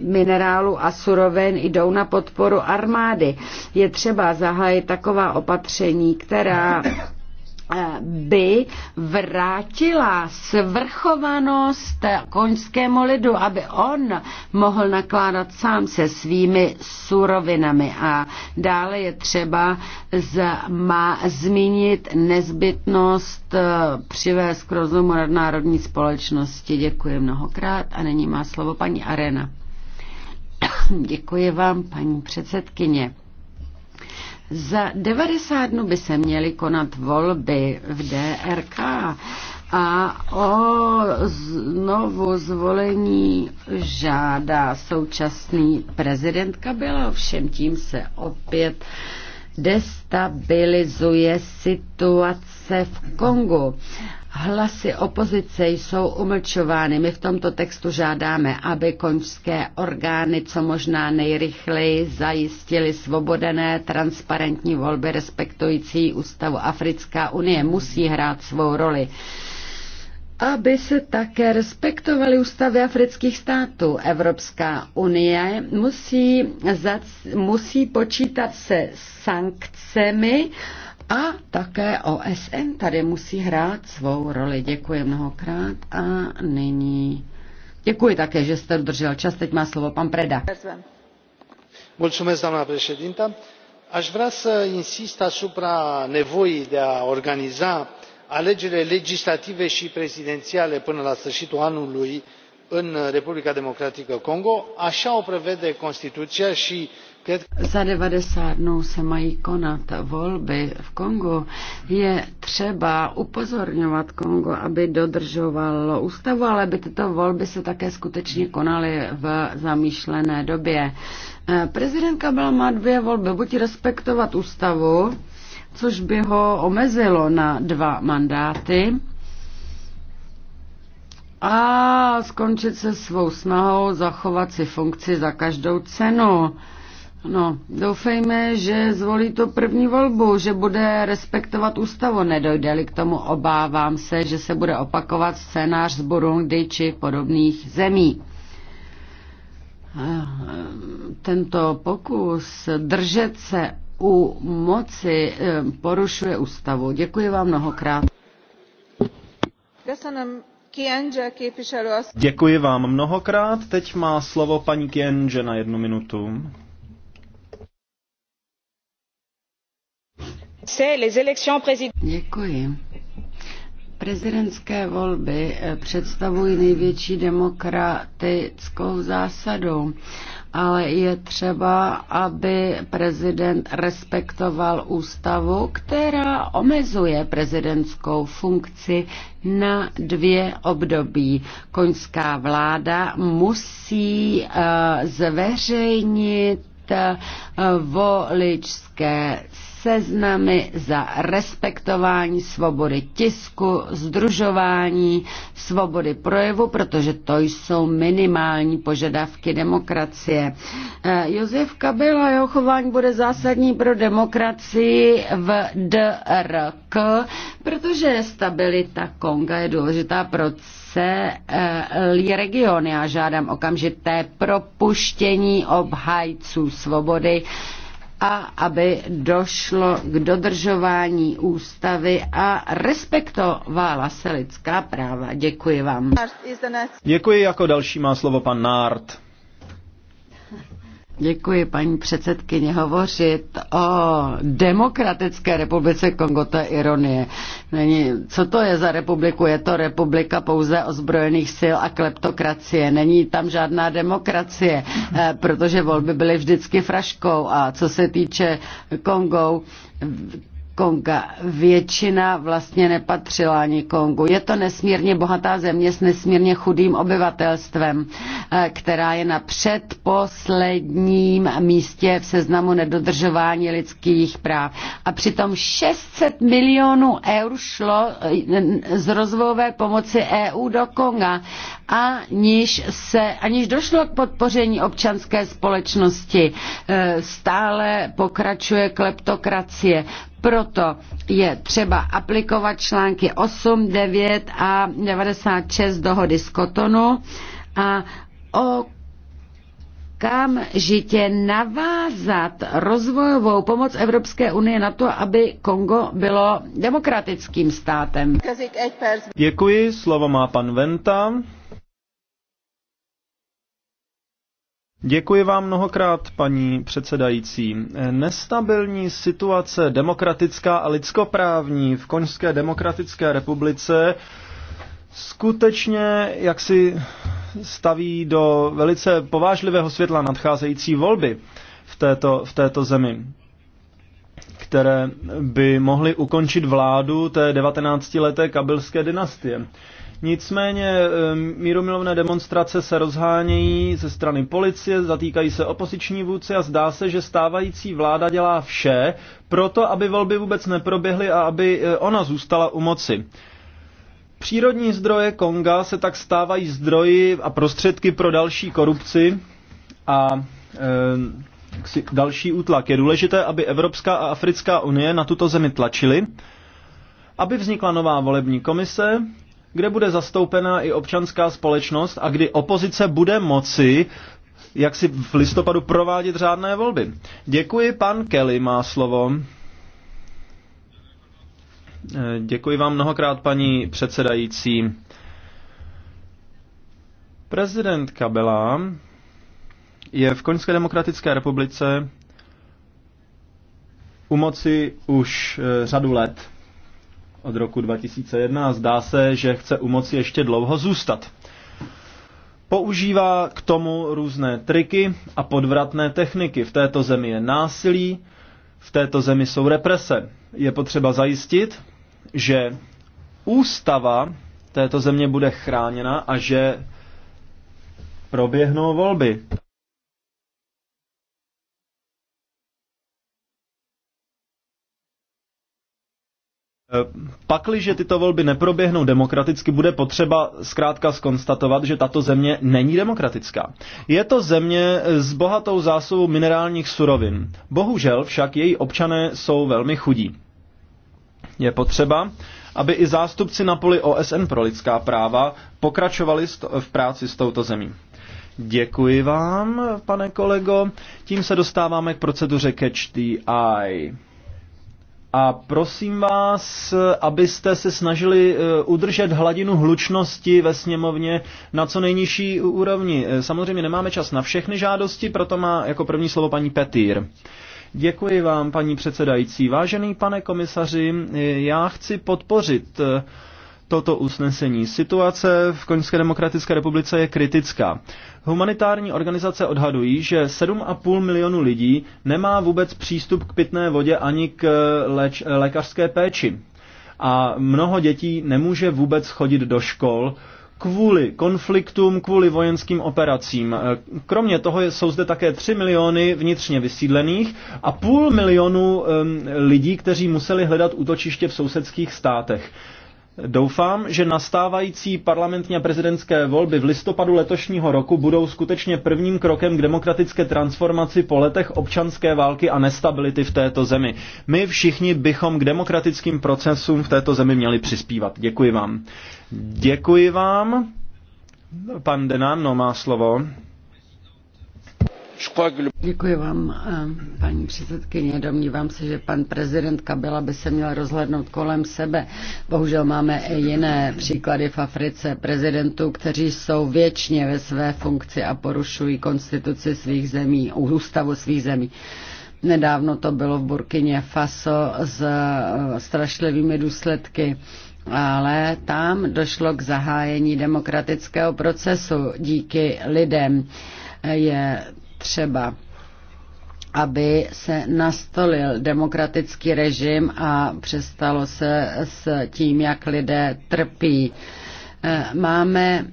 Minerálu a surovin jdou na podporu armády. Je třeba zahájit taková opatření, která eh, by vrátila svrchovanost koňskému lidu, aby on mohl nakládat sám se svými surovinami. A dále je třeba zma, zmínit nezbytnost eh, přivést k rozumu národní společnosti. Děkuji mnohokrát a nyní má slovo paní Arena. Děkuji vám, paní předsedkyně. Za 90 dnů by se měly konat volby v DRK a o znovu zvolení žádá současný prezident Kabila, ovšem tím se opět destabilizuje situace v Kongu. Hlasy opozice jsou umlčovány. My v tomto textu žádáme, aby končské orgány co možná nejrychleji zajistili svobodené, transparentní volby respektující ústavu. Africká unie musí hrát svou roli aby se také respektovaly ústavy afrických států. Evropská unie musí, musí počítat se sankcemi a také OSN tady musí hrát svou roli. Děkuji mnohokrát a nyní. Děkuji také, že jste dodržel čas. Teď má slovo pan Preda. Mulțumesc, doamna președintă. Aș vrea să insist asupra nevoii de a organiza alegerile legislative și prezidențiale până la sfârșitul anului în republica democratică congo așa o prevede constituția și za 90 dnů se mají konat volby v Kongu. Je třeba upozorňovat Kongo, aby dodržovalo ústavu, ale aby tyto volby se také skutečně konaly v zamýšlené době. Eh, prezidentka byla má dvě volby, buď respektovat ústavu, což by ho omezilo na dva mandáty, a skončit se svou snahou zachovat si funkci za každou cenu. No, doufejme, že zvolí to první volbu, že bude respektovat ústavu. Nedojde-li k tomu, obávám se, že se bude opakovat scénář z Burundi či podobných zemí. Tento pokus držet se u moci eh, porušuje ústavu. Děkuji vám mnohokrát. Děkuji vám mnohokrát. Teď má slovo paní Kienže na jednu minutu. Děkuji. Prezidentské volby eh, představují největší demokratickou zásadu, ale je třeba, aby prezident respektoval ústavu, která omezuje prezidentskou funkci na dvě období. Koňská vláda musí eh, zveřejnit eh, voličské seznamy za respektování svobody tisku, združování, svobody projevu, protože to jsou minimální požadavky demokracie. Eh, Josef Kabila, jeho chování bude zásadní pro demokracii v DRK, protože stabilita Konga je důležitá pro celý region. Já žádám okamžité propuštění obhajců svobody a aby došlo k dodržování ústavy a respektovala se lidská práva. Děkuji vám. Děkuji, jako další má slovo pan Nárt. Děkuji, paní předsedkyně. Hovořit o demokratické republice Kongo, to je ironie. Není, co to je za republiku? Je to republika pouze ozbrojených sil a kleptokracie. Není tam žádná demokracie, eh, protože volby byly vždycky fraškou. A co se týče Kongou. Konga. Většina vlastně nepatřila ani Kongu. Je to nesmírně bohatá země s nesmírně chudým obyvatelstvem, eh, která je na předposledním místě v seznamu nedodržování lidských práv. A přitom 600 milionů eur šlo eh, z rozvojové pomoci EU do Konga aniž, se, aniž došlo k podpoření občanské společnosti. E, stále pokračuje kleptokracie. Proto je třeba aplikovat články 8, 9 a 96 dohody z Kotonu a o okamžitě navázat rozvojovou pomoc Evropské unie na to, aby Kongo bylo demokratickým státem. Děkuji, slovo má pan Venta. Děkuji vám mnohokrát, paní předsedající. Nestabilní situace demokratická a lidskoprávní v Koňské demokratické republice skutečně jaksi staví do velice povážlivého světla nadcházející volby v této, v této zemi, které by mohly ukončit vládu té 19-leté kabilské dynastie. Nicméně eh, míromilovné demonstrace se rozhánějí ze strany policie, zatýkají se opoziční vůdci a zdá se, že stávající vláda dělá vše proto, aby volby vůbec neproběhly a aby eh, ona zůstala u moci. Přírodní zdroje Konga se tak stávají zdroji a prostředky pro další korupci a e, další útlak. Je důležité, aby Evropská a Africká unie na tuto zemi tlačily, aby vznikla nová volební komise, kde bude zastoupena i občanská společnost a kdy opozice bude moci jak si v listopadu provádět řádné volby. Děkuji, pan Kelly má slovo. Eh, děkuji vám mnohokrát, paní předsedající. Prezident Kabela je v Koňské demokratické republice u moci už eh, řadu let od roku 2001 a zdá se, že chce u moci ještě dlouho zůstat. Používá k tomu různé triky a podvratné techniky. V této zemi je násilí, v této zemi jsou represe. Je potřeba zajistit, že ústava této země bude chráněna a že proběhnou volby. Pakliže tyto volby neproběhnou demokraticky, bude potřeba zkrátka skonstatovat, že tato země není demokratická. Je to země s bohatou zásobou minerálních surovin. Bohužel však její občané jsou velmi chudí. Je potřeba, aby i zástupci na poli OSN pro lidská práva pokračovali v práci s touto zemí. Děkuji vám, pane kolego. Tím se dostáváme k proceduře Catch the Eye. A prosím vás, abyste se snažili eh, udržet hladinu hlučnosti ve sněmovně na co nejnižší úrovni. Eh, samozřejmě nemáme čas na všechny žádosti, proto má jako první slovo paní Petýr. Děkuji vám, paní předsedající. Vážený pane komisaři, eh, já chci podpořit toto usnesení. Situace v Koňské demokratické republice je kritická. Humanitární organizace odhadují, že 7,5 milionu lidí nemá vůbec přístup k pitné vodě ani k léč, lékařské péči. A mnoho dětí nemůže vůbec chodit do škol, kvůli konfliktům, kvůli vojenským operacím. Kromě toho jsou zde také 3 miliony vnitřně vysídlených a půl milionu um, lidí, kteří museli hledat útočiště v sousedských státech. Doufám, že nastávající parlamentní a prezidentské volby v listopadu letošního roku budou skutečně prvním krokem k demokratické transformaci po letech občanské války a nestability v této zemi. My všichni bychom k demokratickým procesům v této zemi měli přispívat. Děkuji vám. Děkuji vám. Pan Denano no, má slovo. Děkuji vám, eh, paní předsedkyně. Domnívám se, že pan prezident Kabila by se měl rozhlednout kolem sebe. Bohužel máme i jiné příklady v Africe prezidentů, kteří jsou věčně ve své funkci a porušují konstituci svých zemí, ústavu svých zemí. Nedávno to bylo v Burkině Faso s eh, strašlivými důsledky ale tam došlo k zahájení demokratického procesu díky lidem. Je třeba aby se nastolil demokratický režim a přestalo se s tím, jak lidé trpí. Eh, máme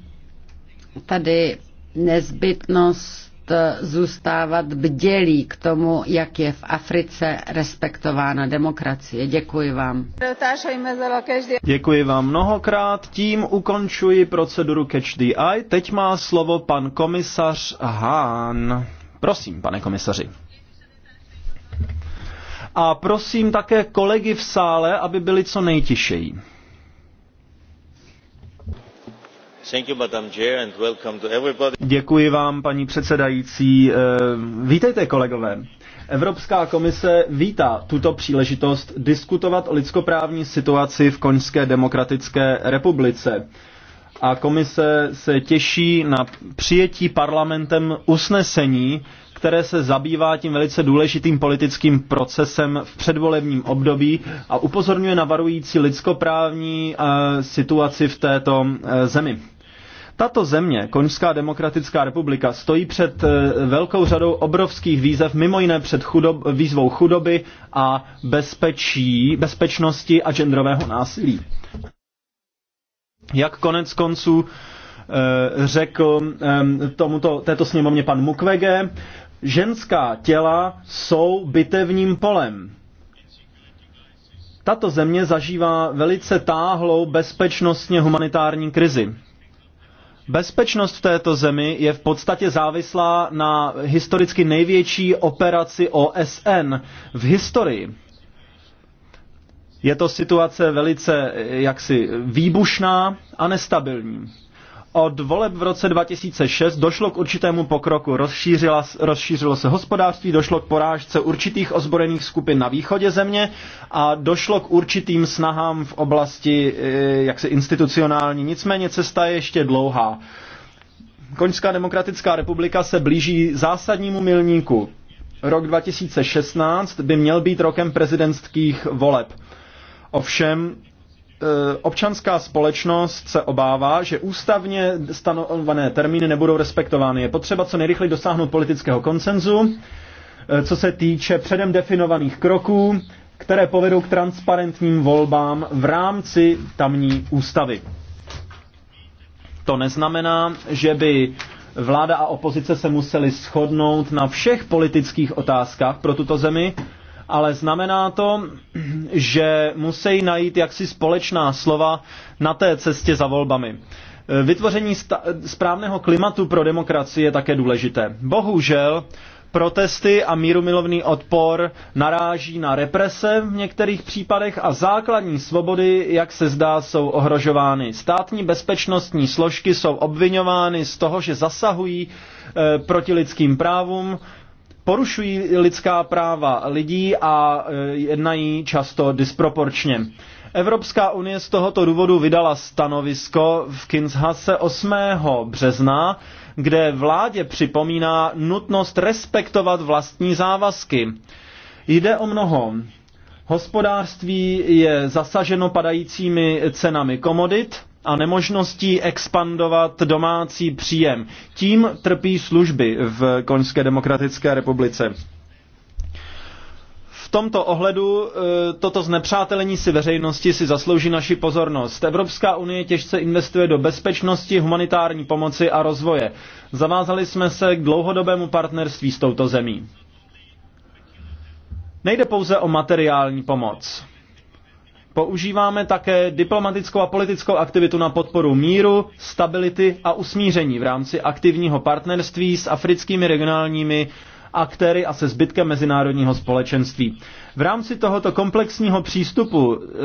tady nezbytnost eh, zůstávat bdělí k tomu, jak je v Africe respektována demokracie. Děkuji vám. Děkuji vám mnohokrát. Tím ukončuji proceduru Catch the Eye. Teď má slovo pan komisař Hahn. Prosím, pane komisaři. A prosím také kolegy v sále, aby byli co nejtišejí. Děkuji vám, paní předsedající. Eh, vítejte, kolegové. Evropská komise vítá tuto příležitost diskutovat o lidskoprávní situaci v Koňské demokratické republice a komise se těší na přijetí parlamentem usnesení, které se zabývá tím velice důležitým politickým procesem v předvolebním období a upozorňuje na varující lidskoprávní eh, situaci v této eh, zemi. Tato země, Koňská demokratická republika, stojí před eh, velkou řadou obrovských výzev, mimo jiné před chudob, výzvou chudoby a bezpečí, bezpečnosti a genderového násilí. Jak konec konců eh, řekl tomuto, této sněmovně pan Mukwege, ženská těla jsou bitevním polem. Tato země zažívá velice táhlou bezpečnostně humanitární krizi. Bezpečnost v této zemi je v podstatě závislá na historicky největší operaci OSN v historii. Je to situace velice eh, jaksi výbušná a nestabilní. Od voleb v roce 2006 došlo k určitému pokroku. Rozšířila, rozšířilo se hospodářství, došlo k porážce určitých ozbrojených skupin na východě země a došlo k určitým snahám v oblasti eh, jaksi institucionální. Nicméně cesta je ještě dlouhá. Koňská demokratická republika se blíží zásadnímu milníku. Rok 2016 by měl být rokem prezidentských voleb. Ovšem, e, občanská společnost se obává, že ústavně stanovené termíny nebudou respektovány. Je potřeba co nejrychleji dosáhnout politického konsenzu, e, co se týče předem definovaných kroků, které povedou k transparentním volbám v rámci tamní ústavy. To neznamená, že by vláda a opozice se museli shodnout na všech politických otázkách pro tuto zemi, ale znamená to, že musí najít jaksi společná slova na té cestě za volbami. Vytvoření správného klimatu pro demokracii je také důležité. Bohužel protesty a mírumilovný odpor naráží na represe v některých případech a základní svobody, jak se zdá, jsou ohrožovány. Státní bezpečnostní složky jsou obvinovány z toho, že zasahují e, proti lidským právům, porušují lidská práva lidí a e, jednají často disproporčně. Evropská unie z tohoto důvodu vydala stanovisko v Kinshase 8. března, kde vládě připomíná nutnost respektovat vlastní závazky. Jde o mnoho. Hospodářství je zasaženo padajícími cenami komodit, a nemožností expandovat domácí příjem. Tím trpí služby v Koňské demokratické republice. V tomto ohledu e, toto znepřátelení si veřejnosti si zaslouží naši pozornost. Evropská unie těžce investuje do bezpečnosti, humanitární pomoci a rozvoje. Zavázali jsme se k dlouhodobému partnerství s touto zemí. Nejde pouze o materiální pomoc. Používáme také diplomatickou a politickou aktivitu na podporu míru, stability a usmíření v rámci aktivního partnerství s africkými regionálními aktéry a se zbytkem mezinárodního společenství. V rámci tohoto komplexního přístupu e,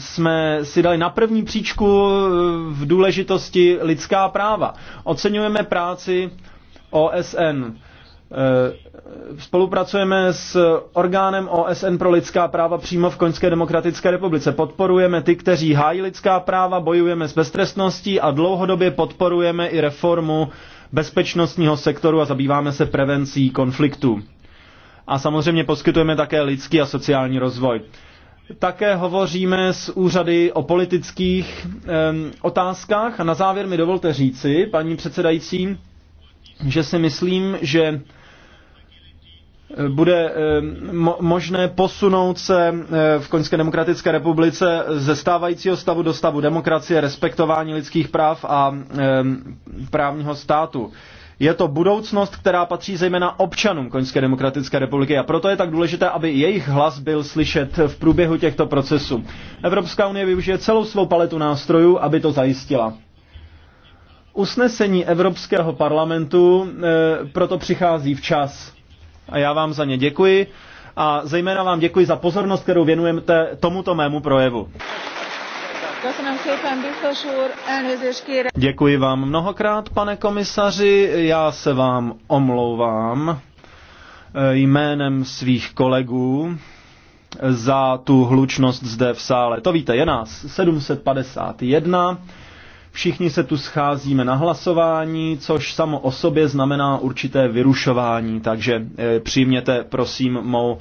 jsme si dali na první příčku e, v důležitosti lidská práva. Oceňujeme práci OSN Eh, spolupracujeme s orgánem OSN pro lidská práva přímo v Koňské demokratické republice. Podporujeme ty, kteří hájí lidská práva, bojujeme s beztrestností a dlouhodobě podporujeme i reformu bezpečnostního sektoru a zabýváme se prevencí konfliktů. A samozřejmě poskytujeme také lidský a sociální rozvoj. Také hovoříme s úřady o politických um, otázkách a na závěr mi dovolte říci, paní předsedající, že si myslím, že bude eh, možné posunout se eh, v Koňské demokratické republice ze stávajícího stavu do stavu demokracie, respektování lidských práv a eh, právního státu. Je to budoucnost, která patří zejména občanům Koňské demokratické republiky a proto je tak důležité, aby jejich hlas byl slyšet v průběhu těchto procesů. Evropská unie využije celou svou paletu nástrojů, aby to zajistila. Usnesení Evropského parlamentu e, proto přichází včas a já vám za ně děkuji a zejména vám děkuji za pozornost, kterou věnujete tomuto mému projevu. Děkuji vám mnohokrát, pane komisaři. Já se vám omlouvám eh, jménem svých kolegů za tu hlučnost zde v sále. To víte, je nás 751. Všichni se tu scházíme na hlasování, což samo o sobě znamená určité vyrušování, takže eh, přijměte prosím mou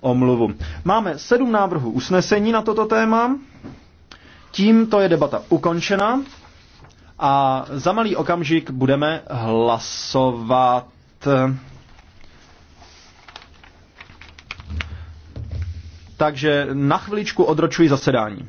omluvu. Máme sedm návrhů usnesení na toto téma. Tímto je debata ukončena a za malý okamžik budeme hlasovat. Takže na chviličku odročuji zasedání.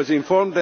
was informed that